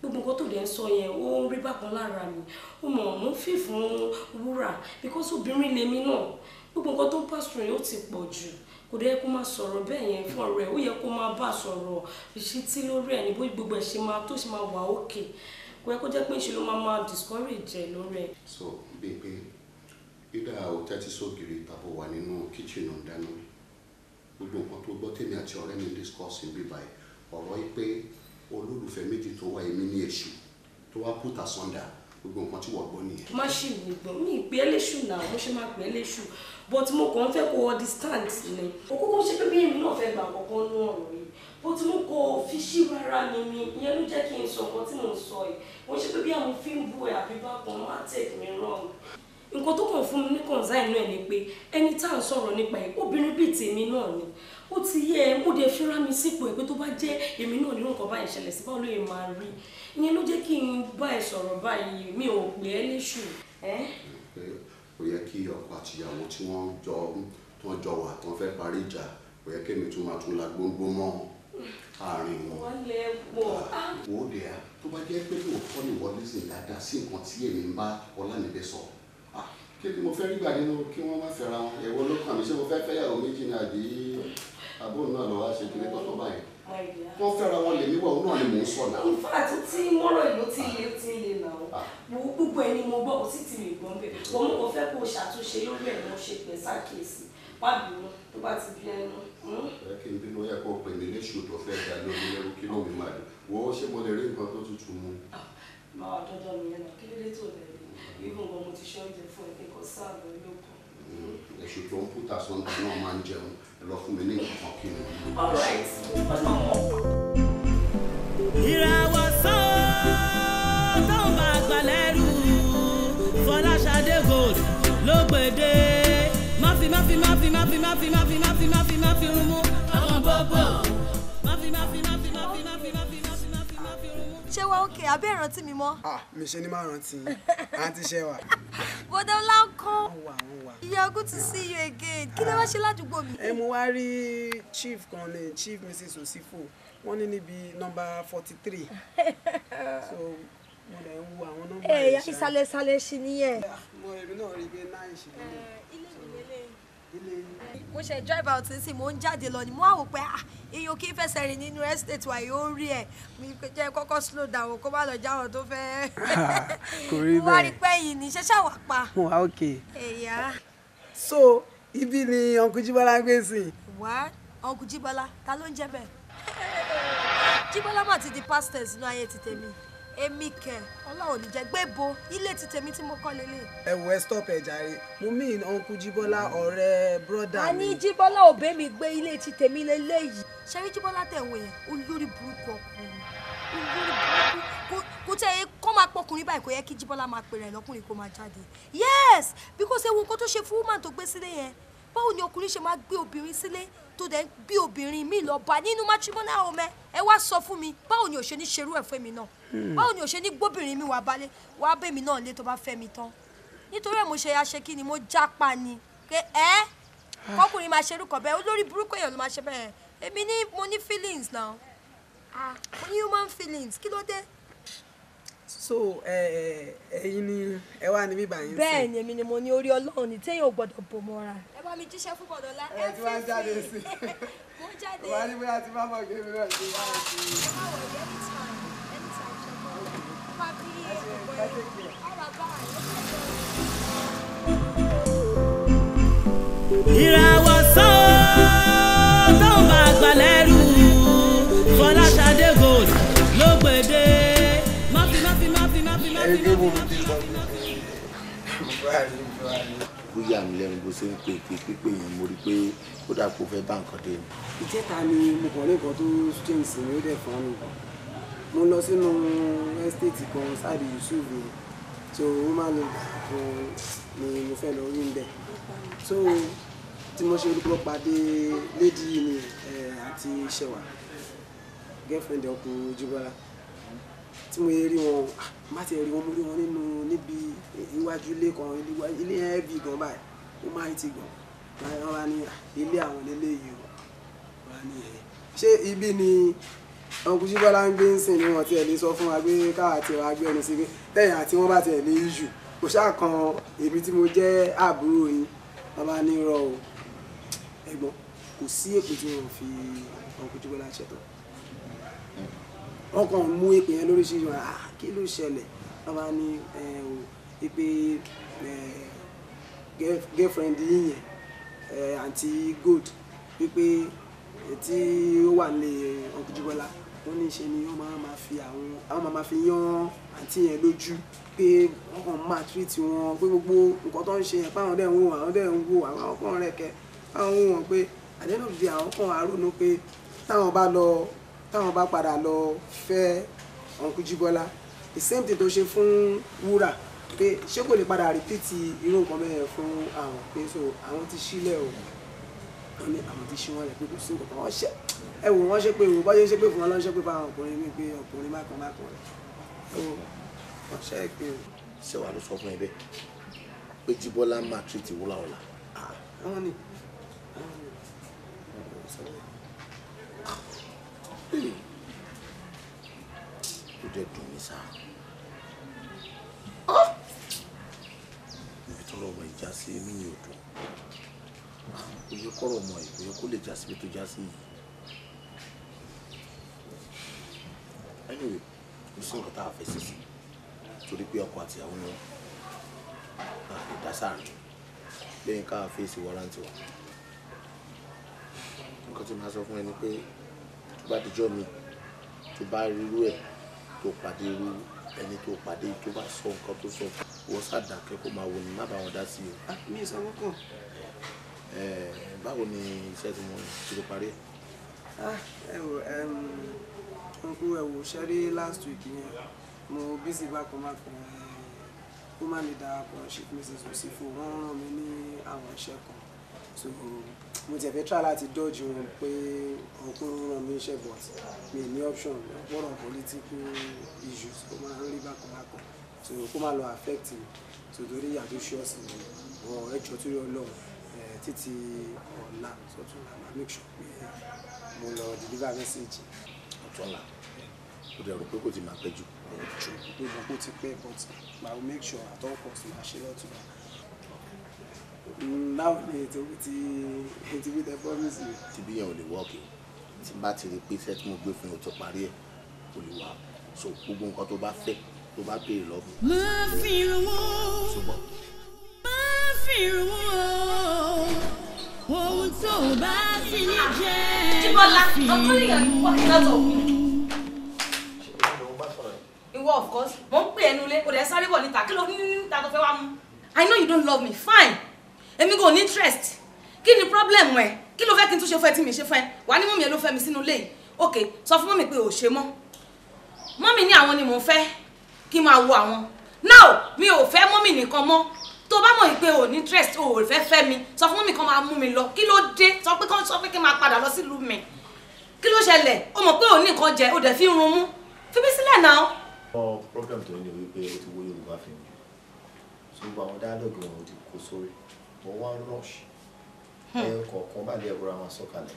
gbogbo nǹkan tó dẹ̀ ń sọ yẹn ó ń rí bákan lára mi ó mọ̀ mo ń fì wúrà because obìnrin lèmi náà gbogbo nǹkan tó ń pàṣẹ yẹn ó ti pọ̀ jù kò dé kó máa sọ̀rọ̀ bẹ́ẹ̀ yẹn fún ọ̀rẹ́ ó yẹ kó máa bá a sọ̀rọ̀ ìṣítí lórí ẹ̀ ní bó gbogbo ẹ̀ ṣe máa tó ṣe máa wà òkè kò yẹ kó jẹ́ pé ìṣe ló máa máa discourage ẹ̀ lórí ẹ̀. so bèbè dídá ọjà tí sógiri tàbí wà nínú kíchìn ò ń dáná gbogbo nǹkan tó gbọ́ tèmi àti ọ̀rẹ́ mi discuss bí báyìí ọ̀rọ̀ yìí pé olólùfẹ́ méjì tó wá èmi ní èṣù tó wá put asunder gbogbo nǹkan tí wọ́n gbọ́ nìyẹn. má ṣì mí gbọ́ mí ìpè é náà mo ṣe máa pè é but mo kàn fẹ́ kó understand ni o kúkú ṣe pé bí èmi náà fẹ́ gbà kọ́kọ́ nú ọ̀rọ̀ yìí bó ti mú kó fi ṣí rárá ni mi ìyẹn ló jẹ́ kí n sọ nǹkan tí mò ń sọ yìí mo ṣe pé bí àwọn fi ń bú ẹ àbí bá kan má take me wrong nǹkan tó kàn fún mi ní concern náà ni pé ẹni tá à ń sọ̀rọ̀ nípa ẹ̀ obìnrin bíi tèmi náà ni ó ti yẹ ẹ mo dé fira mi sípò ẹ pé tó bá jẹ́ èmi náà nínú nǹkan báyìí ṣẹlẹ̀ sí báwo ló yẹ máa rí ìyẹn ló jẹ́ kí n bá ẹ sọ̀rọ̀ báyìí mi ò pè é léṣù kò yẹ kí ọkọ àtìyàwó tí wọ́n jọ tán jọ wà tán fẹ́ parí ìjà kò yẹ kémi tún máa tún la gbóngbó mọ́ àárín wọn. wọ́n lè wọ̀. Ah, wò ó dẹ̀ tó bá jẹ́ pé lóòótọ́ ni wọ́n lè sìn dáadáa sí nǹkan tí èmi ń bá ọlámídé sọ ah, kí ni mo fẹ́ rí gbà nínú kí wọ́n má fẹ́ra wọn ẹ̀wọ̀n ló kàn mí ṣé mo fẹ́ fẹ́yàwó méjì ní àbí àbóhùn náà lọ́wọ́ àṣekínní kọ́tọ́ báyìí wọ́n fẹ́ra wọn lè níwọ̀ òun náà ni mò ń sọ náà. in fact tí mọ́rọ̀ ìlú ti le ti le nà ó ah. gbogbo ẹni mo gbọ́ kò sì ti lè gbọ́n bẹ́ẹ̀ wọ́n mú kó fẹ́ kó ṣàtúnṣe lórí ẹ̀ mo ṣe pẹ̀ sákèsì wá bínú tó bá ti bí ẹnu. Hmm? ẹ kí n bínú ó yẹ kó o pè mí léṣu tó fẹ́ dá lórí ẹrú kí ló mi máa lò wọ́n ṣé mo lè rí nǹkan tó tutù mu. Ah, máa dọ́dọ̀ mi yẹn náà kí ló dé tó lẹ̀ lé ibùn gan lọ fún mi ní ìkọ̀kan kí n lè. all right. ìràwọ̀ sọ́ọ́ tó ń bá gbalẹ̀ rú fọláṣadé gold ló gbèdé máfi máfi máfi máfi máfi máfi máfi máfi máfi rúmú. ṣé wá òkè abẹ́ ìrántí mi mọ́. Ah, mi ṣe ni máa rántí àǹtí ṣe wà. bọ́dọ̀ láǹkan ìyá good to see you again kí ló wá ṣe ládùúgbò mi. ẹ mo wá rí chief kan ní chief mrs osifo wọ́n ní níbi nọ́mbà forty three so mo lè ń wo àwọn nọ́mbà eh, yẹn ṣá. ìsàlẹ̀ ìsàlẹ̀ ṣì nìyẹn. Ah, mo èmi náà rí i pé náà ṣì eh, ilé mi lélẹ̀ mo ṣe drive out nísìnyí mo ń jáde lọ ni mo wá pé ah, iyùn kí n fẹsẹ̀ rìn nínú estate wa yóò rí ẹ̀ mi jẹ́ kọ́kọ́ slow down kó má lọ jáwọ́ tó fẹ́. [LAUGHS] kò rí bẹ́ẹ̀ [LAUGHS] mo wá rí pé yìí ní ṣẹ́ṣẹ́ wà pa. mo wá òkè. ẹ̀yà. so ibi ni uncle Jíbọ́lá ń gbé sí. wá uncle Jíbọ́lá ta ló ń jẹ́ bẹ́ẹ̀ [LAUGHS] Jíbọ́lá mà ti di pastors inú ayé ti tèmi èmi kẹ Ọlọ́run ní gbébo ilé ti tèmi tí mo kọ́ lélẹ̀. ẹ wò ẹ stop ẹ jàre mo mean uncle Jíbọ́lá mm. ọ̀rẹ́ brọdà mi. a ní Jíbọ́lá òbẹ mi gbé ilé ti tèmi lélẹ̀ yìí. ṣẹ́rí Jíbọ́lá tẹ̀wé yẹn olórí burúkú ọkùnrin olórí burúkú kò tẹ ẹ máa pọkùnrin báyìí kò yẹ kí Jíbọ́lá máa pèrè lọ́kùnrin kó máa jáde yes because ewu nǹkan tó ṣe fún woman tó gbé sílé yẹn báwo ni ọkùnrin ṣe máa gbé obìnrin sílé tó dẹ̀ bí obìnrin mi lọ bá nínú matrimonial home ẹ wá sọ fún mi báwo ni òṣèlú ṣerú ẹ̀ fún mi náà Hmm. báwo ni o ṣe ní gbóbìnrin mi wà balẹ̀ wà bẹ́mi náà lé tó bá fẹ́ mi tán nítorí ẹ̀ mo ṣe aṣẹ kí ni mo jápa ni pé ẹ́ ah. kọkùnrin máa ṣe irúkọ bẹ́ẹ̀ olórí burúkú èèyàn ló máa ṣe bẹ́ẹ̀ èmi ní mo ní feelings now ah mo ní human feelings kí ló dé. so ẹ̀yin ni ẹ wá níbí báyìí. bẹ́ẹ̀ ni èmi ni mo ní orí ọlọ́run ní téèyàn ò gbọ́dọ̀ bò mọ́ra. ẹ bá mi jíṣẹ́ fún bọ̀dọ̀lá ẹ fi fi [LAUGHS] mo jáde. wàá ní bóyá ti bá mọ̀ gé mi rẹ̀ sí i ìràwọ̀ sọ́ọ́ tó ń bá gbalẹ̀ rú fọláṣadé gold bó ṣe ń pè pé pípé yẹn mo rí i pé kódà kó fẹ́ bá nǹkan dé ni. ìjẹta ni mo kàn ní nǹkan tó ṣe ní ó dẹ̀ fún mo lọ sínú estate kan sáàdì yusuf yẹn so woman leader kan ni mo fẹ́ lọ rí níbẹ̀ so tí mo ṣe olùkọ́ pàdé lady yìí ni eh, àti ṣẹwà girlfriend ọkùnrin ojúbọlá tí mo rí wọn ah, má ti rí wọn mo rí wọn nínú níbi iwájú ilé kan ilé ẹbí gan báyìí ó máa ń ti gàn wọn wá ní ah, ilé àwọn eléyìí o wọn ní ẹ eh, ṣé ibi ni ọkùn sí bọ́lá ń gbé ń sìn ni wọ́n tiẹ̀ lè sọ fún wa pé káwa tiẹ̀ wá gbé ẹnu sí pé tẹ̀yìn àti wọ́n bá tiẹ̀ lè yù kò ṣáà èmi tí mo jẹ́ àbúrò yín wọ́n bá ní rọ o ẹ̀gbọ́n kò sí èpè tí wọ́n fi ọkùn sí bọ́lá ṣètò wọ́n mú èpè yẹn lóríṣiríṣi wọn ah, à kí ló ṣẹlẹ̀ wọ́n bá ní èpè girlfriend yín yẹn gold wípé tí ó wà nílé ọkùnjúbọlá tó ní ṣe ni wọ́n máa ma fi àwọn àwọn máa fi yan àǹtí yẹn lójú pé wọ́n kàn máa treat wọn pé gbogbo nǹkan tó ń ṣe yẹn páwọn dẹ̀ ń wò àwọn dẹ̀ ń wò àwọn ọkàn rẹ̀ kẹ́ páwọn wò wọn pé àdéhùn òbí àwọn kàn àrònú pé táwọn bá lọ táwọn bá padà lọ fẹ́ ọ̀nkú jíbọ́lá the same thing tó ṣe fún wúrà pé ṣé kò lè padà repeat irú nǹkan bẹ́ẹ̀ fún àwọn pé so àwọn ti sílẹ̀ o wọ́n ní àwọn ti ṣí wọn lẹ̀ pé kò sí nǹkan kan wọ́n ṣe ẹ wò wọ́n ṣe pé wò bọ́jú ṣe pé fún wọn lọ́n ṣe pé fáwọn ọkùnrin mi pé ọkùnrin mákàn mákàn rẹ̀ ẹ ṣe é pé o. ṣé wàá ló sọ fún ẹ bẹ́ẹ̀ pé jíbọ́lá máa tìrìtì wúlà ọ̀la. Ah, àwọn ni ó dẹ̀ dùn mí sá ibi tọrọ ọmọ ìjà sí mi ni ò dùn kò yẹ kọrọ ọmọ yìí kò yẹ kó lè jà síbi tó já sí yìí anyway kò sí nǹkan tá a fẹ́ sí sí torí pé ọkọ àti ìyàwó ni wọn a lè dá sáàrin lẹ́yìn ká fèsì wárántì wa nǹkan tí màá sọ fún ẹ ni pé tó bá dijọ́ mi tó bá rírú ẹ̀ tó pàdé irú ẹni tó pàdé tó bá sọ nǹkan tó sọ wọ́n sàdákẹ́ kó máa wò ní má bá wọn dá sí o. Ah, mi ì sọ wọ́pọ̀. báwo ni iṣẹ́ tí mo ti lè parí ẹ̀. Ah, ẹ wò kú ẹ̀wò ṣẹ́rí last week yẹn mo busy bákan bákan woman leader partnership mrs osifo wọ́n ràn mí ní àwọn iṣẹ́ kan so mo tẹ̀ fẹ́ try láti dodge wọn pé ọkùnrin ràn mí iṣẹ́ but mi ní option ọ̀pọ̀rọ̀ political issues kó máa ń rí bákan bákan so kó máa lọ affect mi so torí yàtọ̀ ṣọ́ọ̀ṣì mi ọ̀ ẹ̀jọ̀ tó yọ lọ́wọ́ títí ọ̀la sọ̀tún la make sure pé mo lọ deliver message. ọ̀tún la ó dẹ̀ rò pé kò ti máa pẹ́ jù. mo ti pẹ́ but I make sure at all cost máa ṣe lọ́tún náà. now ni eh, ètò ti ètò mi eh, tẹ promise mi. yẹn ò lè wọ́ọ̀kì tí bá ti rí pé iṣẹ́ mo gbé fún ọ̀tọ̀ parí ẹ̀ kò lè wà so gbogbo nǹkan tó bá fẹ́ tó bá béèrè lọ́wọ́. máa fi irunwó máa fi irunwó ohun tó bá ti ní jẹ́ máa fi irunwó bọ̀ of course mo ń pè ẹnu ilé o dẹ̀ sáré bọ̀ níta kí ló ní níta tó fẹ́ wá mú. I know you don't love me fine èmi kò ní interest kí ni problem ẹ kí ló fẹ́ kí n tún ṣe fún ẹ tí mi ṣe fún ẹ wà ní mọ́mí ẹ ló fẹ́ mi sínú ilé yìí ok sọ fún mọ́mí pé ò ṣe mọ́ mọ́mí ní àwọn ni mò ń fẹ́ kí n máa wo àwọn now mi ò fẹ́ mọ́mí nìkan mọ́ tó bá mọ̀ pé ò ní interest ò fẹ́ fẹ́ mi sọ fún mọ́mí kan máa mú mi lọ kí ló dé sọ pé kán sọ pé kí n máa padà lọ sílùú mi kí ló ṣẹlẹ̀ o mọ̀ pé ò ní nǹkan jẹ o dẹ̀ fi ń run fi mí sílẹ̀ náà àwọn problem to any wípé ó ti wo yorùbá fi mi so gbogbo àwọn dialogue wọn ò ti kó sórí wọn wá rush hmm. ẹyọ kọ̀ọ̀kan bá lè So àwọn sọ̀kalẹ̀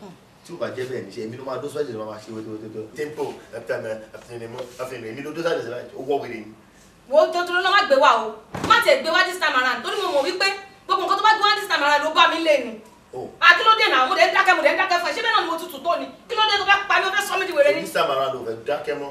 hmm. tí o bá jẹ́ bẹ́ẹ̀ níṣẹ́ èmi ló máa dó sọ́ọ̀jì ló máa ṣe wétewétewé. tempo àfihàn àfihàn àfihàn èmi ló dó sọ́ọ̀jì lọ́wọ́ ó wọ́ wèrè ni. wo tuntun náà má gbé wa o má tiẹ̀ gbé wa this time around torí mo mọ̀ wípé gbogbo nǹkan tó bá gbé wa this time around ló bá mi lé ni a oh. kí ló dé náà mo dé dákẹ́ mo dé dákẹ́ fún ẹ ṣé bẹ́ẹ̀ náà ni mo tutù tó ni kí ló dé tó fẹ́ pa mi ó fẹ́ sọ mi di wèrè ni. this time around ò fẹ́ dákẹ́ mọ́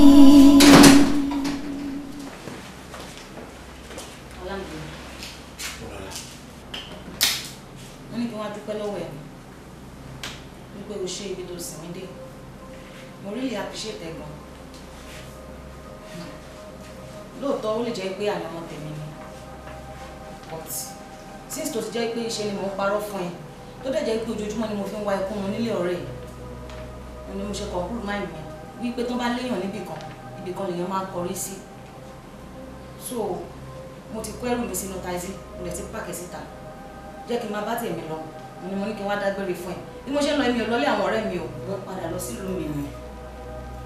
dúpẹ́ mo really appreciate ẹ but since tó ti jẹ́ pé iṣẹ́ ni mò ń parọ́ fún ẹ tó dẹ̀ jẹ́ pé ojoojúmọ́ ni mo fi ń wá ikú mu nílé ọ̀rẹ́ ẹ̀ mo ní mi sí so mo ti ti pààkì síta jẹ́ kí n máa bá tèmi lọ ni mo ní kí n wá dágbére fún ẹ bí mo ṣe ń lọ èmi ò lọlé àwọn ọ̀rẹ́ mi ò mo padà lọ sílùú mi nìyẹn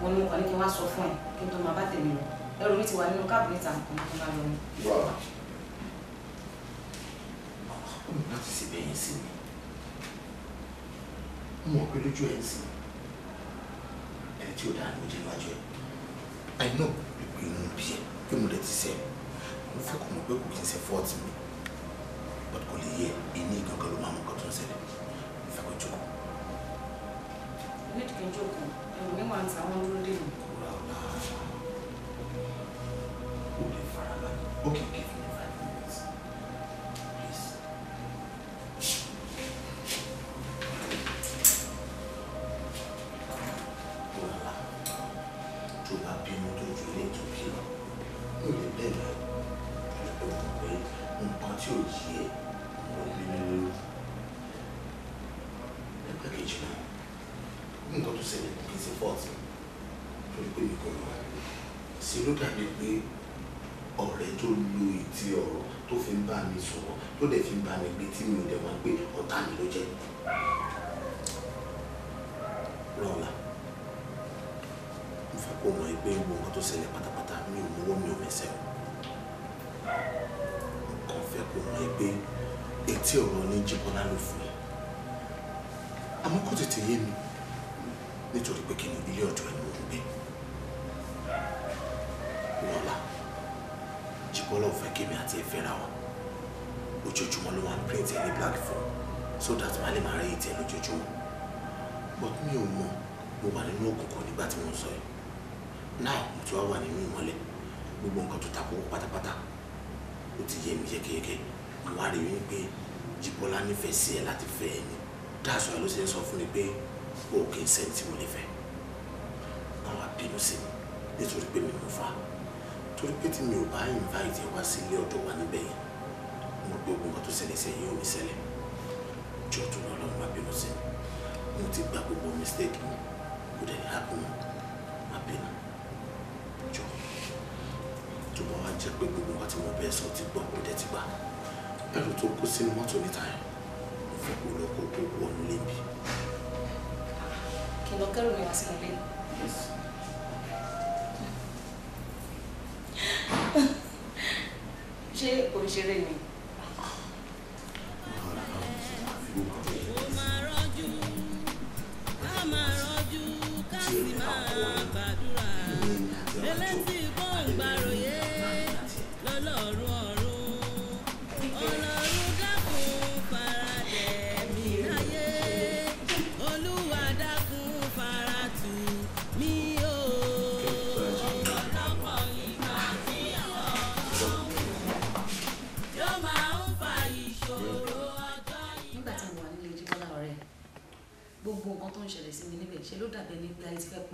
mo ní wọn ní kí n wá sọ fún ẹ kí n tó máa bá tèmi lọ ẹrù mi ti wà nínú kábínẹ̀tì àǹkó ní kí n máa lọ ní. láti ṣe bẹ́ẹ̀ yẹn sí mi mo pe lójú ẹ̀ ń sìn ẹni tí ó dáa ni mo jẹ́ ẹ̀ àìná ìpinnu bí ẹ pé mo lè ti sẹ́ mo fẹ́ kọ́ mọ̀ pé kò kí n ṣe fọ́ọ̀tì mi but kò lè yẹ ẹni ìgbọ̀ngàn ló máa mú nǹkan tó ń ṣẹlẹ̀ mo fẹ́ kó jókòó. nídìí kí n jókòó ẹ̀rù mi wà ń ta àti ìfẹ́ra wọn ojoojúmọ́ ló máa print ẹni black phone so that màá lè máa rí ìtẹ́ lójoojúmọ́ but mi ò mọ̀ mo wà nínú òkùnkùn nígbà tí mo ń sọ yìí now mo ti wá wà nínú ìmọ́lẹ̀ gbogbo nǹkan tó takò pátápátá ó ti yé mi yékéyéké mo wá rí wípé Jíbọ́lá nífẹ̀ẹ́ sí ẹ láti fẹ́ ẹ ni dáàsọ ẹ ló ṣe ń sọ fún mi pé o kì tí mo lè fẹ́ àwọn àbínú sí mi nítorí pé mi ò fa torí pé tí mi ò bá invite ẹ wá sí ilé ọ̀dọ̀ wa níbẹ̀ yẹn mo gbé ogun kan tó ṣẹlẹ̀ sí ẹ̀yìn omi ṣẹlẹ̀ jọ tó lọ lọ́run má bínú sí mi mo ti gba gbogbo mistake mi kò dẹ̀ happen má bínú jọ tó bá wá jẹ́ pé gbogbo nǹkan tí mo bẹ́ẹ̀ sọ ti gbọ́ kò dẹ̀ ti gbà ẹrù tó kó sínú mọ́tò níta yẹn mo fẹ́ kó lọ kó kó wọnú lébi. kí n lọ kẹ́rù mi wá sínú ilé. Rocher ou Jérémy.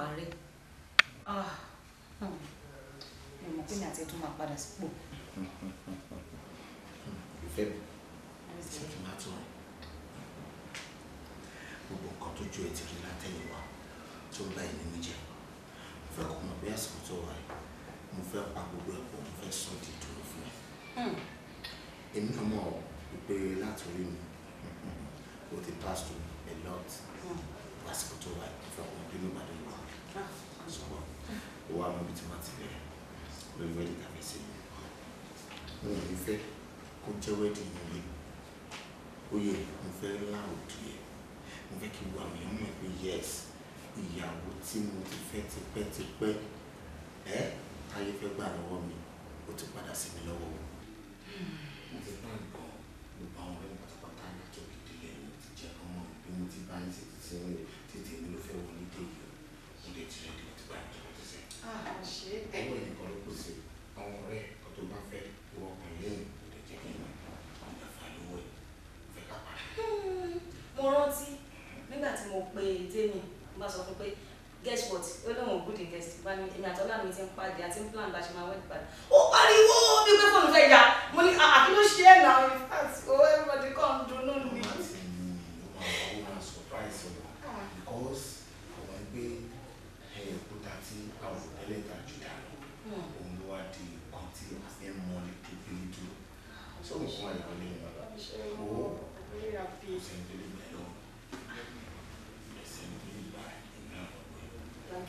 parí. Ah, mo hmm. mọ̀ pé mi àti ẹ̀ máa padà sípò. tipẹ́tipẹ́ ẹ ayé fẹ́ gbà lọ́wọ́ mi ó ti padà sí mi lọ́wọ́ o. mo ti bá nǹkan gbogbo àwọn ọ̀rẹ́ pátápátá lọ́jọ́ gidi yẹn mo ti jẹ́ ọmọ bí mo ti bá yín sí títí títí mi ló fẹ́ wọlé dé yìí mo lè tirẹ̀ àtọ́lá mi ti ń pàdé àti ń plan bá ṣe máa wẹ́ẹ̀dì padà ó pariwo bí pé fóònù fẹ́ ya mo ní àkí ah, ló ṣe é náà in fact o everybody come dunu ni. Ah. because àwọn ẹgbẹ́ òkúta tí àwọn ẹlẹ́ta jù dànù hmm. òun ló wá di nǹkan tí ẹ mọ ní kékeré dúró ah, so òun wà ní ọ̀lẹ́ ìwà ó ṣe ń bẹ́ẹ̀.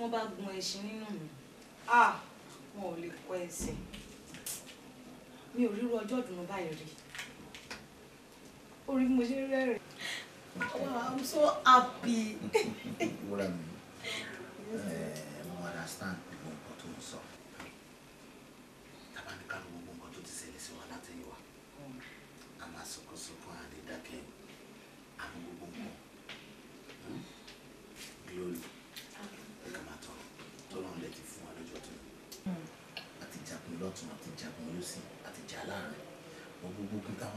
wọ́n bá gun ẹṣin nínú mi ah, wọn ò lè kọ ẹsẹ̀ mi ò ríru ọjọ́ ìdùnnú báyìí rí orí mo ṣe rẹ́rìn i'm so happy. [LAUGHS] wúrà ẹ eh, mo understand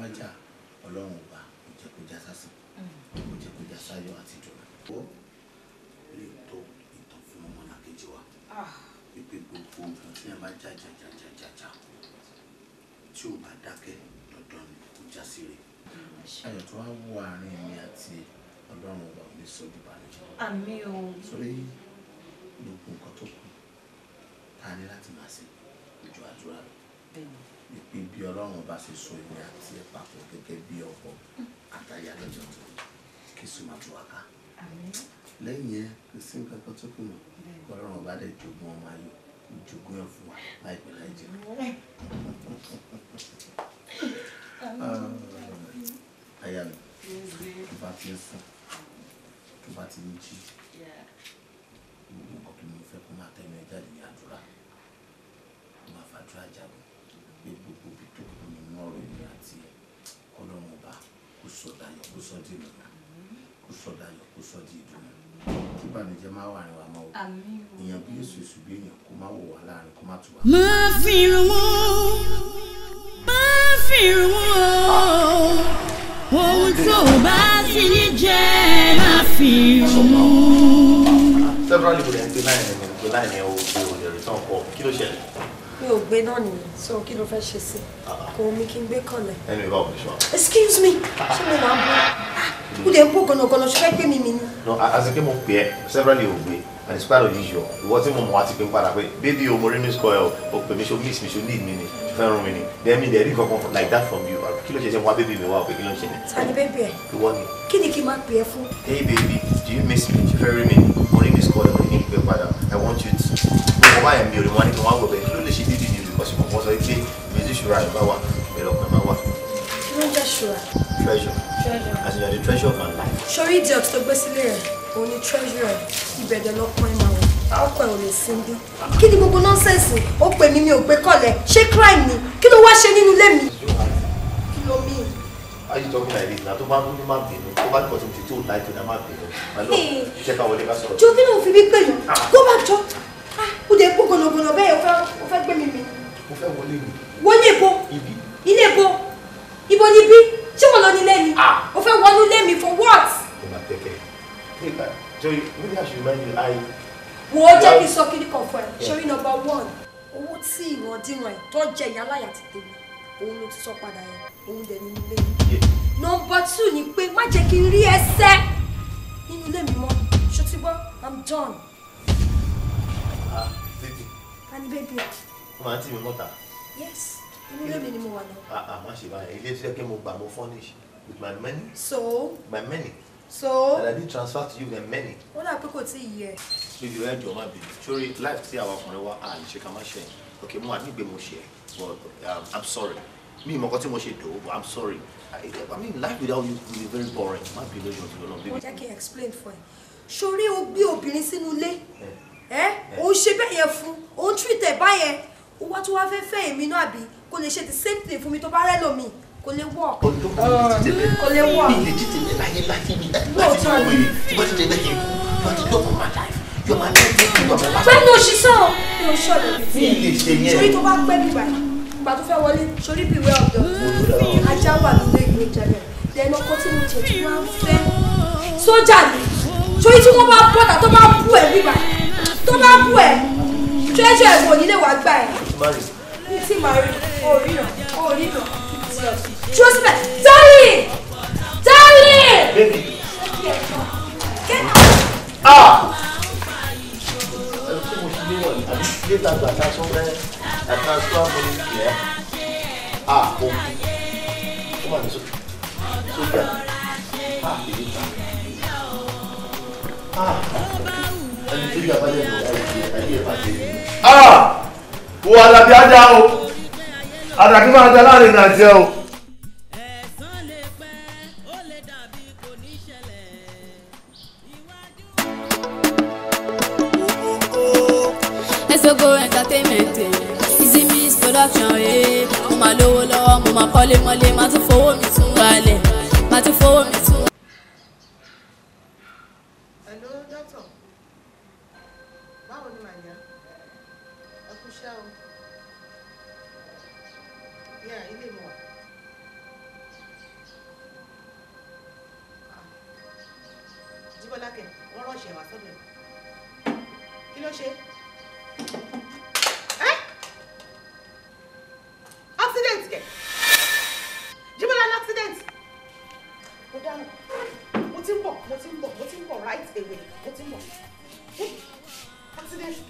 wá jà ọlọ́run ọba kò jẹ́ kó já sásìkò kò jẹ́ kó já sáyọ̀ àti ìdùnnú. ó lè tọ ìtàn fún ọmọ náà kejì wa ah. wípé gbogbo nǹkan tí ẹ máa já já já já já já tí ò bá dákẹ́ dandan ni kò já sí rẹ̀. ayọ̀ tó wá wọ àárín mi àti ọlọ́run ọba ò ní sọ bí ìbànújẹ́. àmì o. sórí gbogbo nǹkan tó kù ta ni láti máa ṣe ojú àdúrà rẹ̀. bẹ́ẹ̀ ni ìpè bí ọlọ́run bá ṣe so èmi àti ẹ̀ papọ̀ gẹ́gẹ́ bí ọkọ àtàyà lọ́jọ́ tó kí súnmọ́ tó wá ká lẹ́yìn ẹ kò sí nǹkan kan tó kù mọ́ ọlọ́run bá dẹ̀ jogún ọmọ ayò jogún ẹ̀ fún wa láìpẹ́ láì jẹ́ àyà ah, mi tó bá ti ń sùn tó bá ti ń jí gbogbo nǹkan tó ń fẹ́ kó máa tẹnu ẹ jáde ní àdúrà máa fàdúrà jáde ní gbogbo ibi tó kù nínú ọ̀rọ̀ èmi àti ẹ̀ kọ́lọ́run ọba kó sọ dayọ̀ má wà rìn wá má fi irun wọn ohun tó bá ti ní jẹ́ máa fi irun wọn. several people dey gbé láìní gbé láìní owó gbé olè return call kí ló ṣẹlẹ̀ mi ò náà nìyẹn so kí ló fẹ́ ṣe sí kò mi kí n gbé kànlẹ̀. ẹnu ìbá òun ṣọ. excuse me ṣé mi máa ń bọ́ kú dé ń bọ́ gọ̀nàgọ̀nà ṣe fẹ́ gbé mi mi ni. no àti pé mo pè ẹ Several years gbé and it's quite unusual ìwọ tí mo mọ̀ àti pé padà pé baby o mo rí miss coil o pè mí ṣo miss mi ṣo need mi ni fẹ́ràn mi ni then mi dẹ̀ rí kankan like that from you kí ló ṣe ṣe wá baby mi wá o pé kí ló ń ṣe ni. tani bẹ́ẹ̀ bẹ́ẹ̀. ìwọ ni. kí ni kí n máa pè é fún. hey baby do you miss me ṣe fẹ́ rí mi ni mo rí miss coil mo ní kí padà i want you to wá ẹ̀mí òde wọn ni kí wọ́n wọ̀ bẹ́ẹ̀ ló lè ṣe dídì ní ìbíkọ́sí mọ̀ wọ́n sọ pé music ṣura ẹ̀ bá wà bẹ̀rẹ̀ ọkàn bá wà. treasure as you are the treasure of my life. sori idiot tó gbé sílé rẹ̀ òun ni treasure ìbẹ̀dẹ̀ lọ́pọ̀ ẹ̀ máa wọ̀ ọkọ̀ ẹ̀ ò lè sin bí. kí ni gbogbo nọ́ńsẹ̀nsì ó pè mí mi ò pé kọ́lẹ̀ ṣé crime ni kí ló wá ṣe nínú ilé mi. kí ló mí. how you talking like this na tó bá ń bí má bínú tó bá kọ̀ tó ti tó láì tó ní a má bínú. jẹ́ ká wọlé ká sọ̀rọ̀. jọ́ kí ló ń fi bí pè mí go ah. back jọ́. Ah, ó dẹ̀ gbó gọ̀nàgọ̀nà bẹ́ẹ̀ ó fẹ́ gbé mi mi. ó fẹ́ wọlé mi. wọlé ibo ilé ibo ibo ni bí ṣé wọn lọ nílé ni ah! ó fẹ́ wọnú ilé mi for what. ó máa tẹ́kẹ̀ ẹ̀ joy maybe i should remind you i. wo jẹ́ kí n sọ kíní kan fún ẹ ṣorí nọ́mbà one owó tí ìwọ̀n dínwọ̀n ẹ̀ tó jẹ́ ìyá láyà ti tèmi òun ló ti sọ padà yẹn òun dẹ̀ nínú ilé mi. nọ́mbà two ni pé má jẹ́ kí n rí ẹsẹ̀ nínú ilé mi mọ́ ṣọtí gbọ́ i'm done ni bébí ẹ. ọmọ àǹtí mi mọ́ta. yes inú bébí ni mo wà lọ. àà ah, ah, má ṣe báyìí ilé iṣẹ́ kí mo gbà mo furnish with my money. so my money. so that I did transfer to you my money. ó dà pé kò tí ì yẹ. ṣèjì rẹ jọ má bínú sórí life tí àwọn ọkùnrin wa à ń ṣe ká má ṣe okay mo wà nígbè mo ṣe but um, i'm sorry mi ìmọ̀kọ́ tí mo ṣe dò but i'm sorry I, i mean life without you will be very boring má bínú yọjú ọlọ́run. mo jẹ́ kí n explain for you. sórí o gbé obìnrin sínú ilé. Yeah ẹ ò ń ṣe bẹ́ẹ̀ yẹn fún ò ń treat ẹ̀ báyẹn ó wá tó wá fẹ́ fẹ́ èmi náà àbí kò lè ṣe the same thing fún mi tó bá rẹ́ lómi kò lè work. kò lè work. mi lè dìde mi láyé láti mi láti mi tí mo ti dé bẹ́ẹ̀ yẹn kú lọ́ọ́ ti dọ́kun my life yóò máa bẹ́ẹ̀ tí yóò máa bá. pẹ́ẹ́ni òṣìṣọ́ mi ò ṣọ́ lóbi tí tó bá pẹ́ mi ìgbà tó fẹ́ wọlé ṣorí bí ìwé ajá wà nílé ìgbé jẹrẹ lẹ́nu ọkọ tí mo jẹ tí wọ́n fẹ́ sójà ni ṣorí tí wọ́n bá bọ́dà tó bá bú ẹ̀ bíbáyìí tó bá bú ẹ treasure ẹ kò ní lè wá gbà ẹ ah! ní tí màá rí òrìnà òrìnà ṣó síbẹ̀ Tony Tony. Ah! later to attach somewhere and transfer money here. Ah, oh. Come on, so, so yeah. Ah, ah ẹni tí ìjàmbá lè lò ayé ìpàdé. wo alábí ajá o àdàkí máa da láàrin ìrìn o. Esogo entertainment easy miss production ee mo máa lówó lọ́wọ́ mo máa kọ́lé mọ́lé máa tún fowó mi tún ra lẹ̀ máa tún mi モチンボモチンボライツエウェイモチンボえ発電し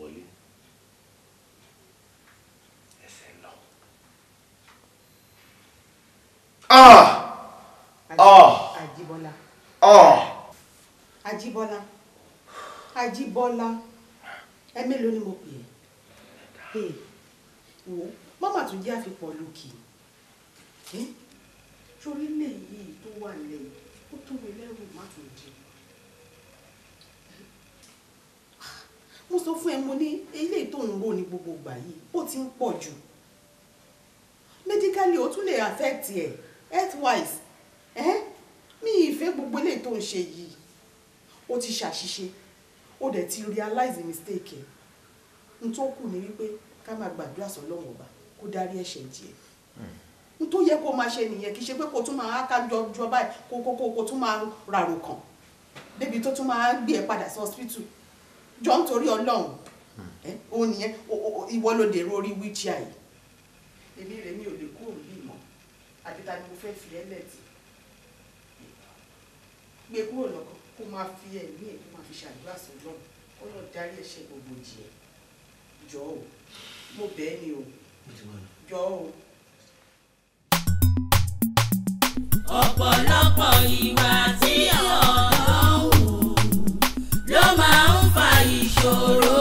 wọlé ẹsẹ̀ lọ. Àjíbọ́lá. Àjíbọ́lá. Àjíbọ́lá. Ẹ mélòó ni mo pè é? Wo mọ́mà tún jẹ́ àfipọ̀ lókè. Sórí lè yí tó wà lẹ́yìn, ó tó mi lẹ́rù má tó jẹ́. mo sọ fún ẹ mo ní ilé tó ń rò ní gbogbo ìgbà yìí ó ti ń pọ̀ jù medically ó tún lè affect ẹ healthwise ẹ mi ìfẹ́ gbogbo ilé tó ń ṣe yìí ó ti ṣàṣìṣe ó dẹ̀ ti realize mistake ẹ n tó kù ní wípé ká máa gbàdúrà sọ́lọ́run ọba kó dárí ẹ̀ṣẹ̀ jì ẹ́ n tó yẹ kó máa ṣe nìyẹn kì í ṣe pé kó tún máa ká jọjọ kó kó kó tún máa ràrò kàn débi tó tún máa gbé ẹ padà sí hospital jọ ń torí ọlọ́run òun nìyẹn ìwọ ló dèrò orí wíjíà yìí èmi rẹ̀ mi ò lè kúrò ní ìmọ̀ àbíta ni mo fẹ́ fi ẹ́ lẹ́tì gbé kúrò lọ́kọ̀ kó máa fi ẹ̀mí ẹ̀ kó máa fi ṣàdúrà sọ́jọ́ kó lọ darí ẹ̀ṣẹ̀ gbogbo jì jọ o mo bẹ́ẹ̀ ni o jọ o. ọ̀pọ̀lọpọ̀ ìwà tí ọ̀ọ́. sorrow.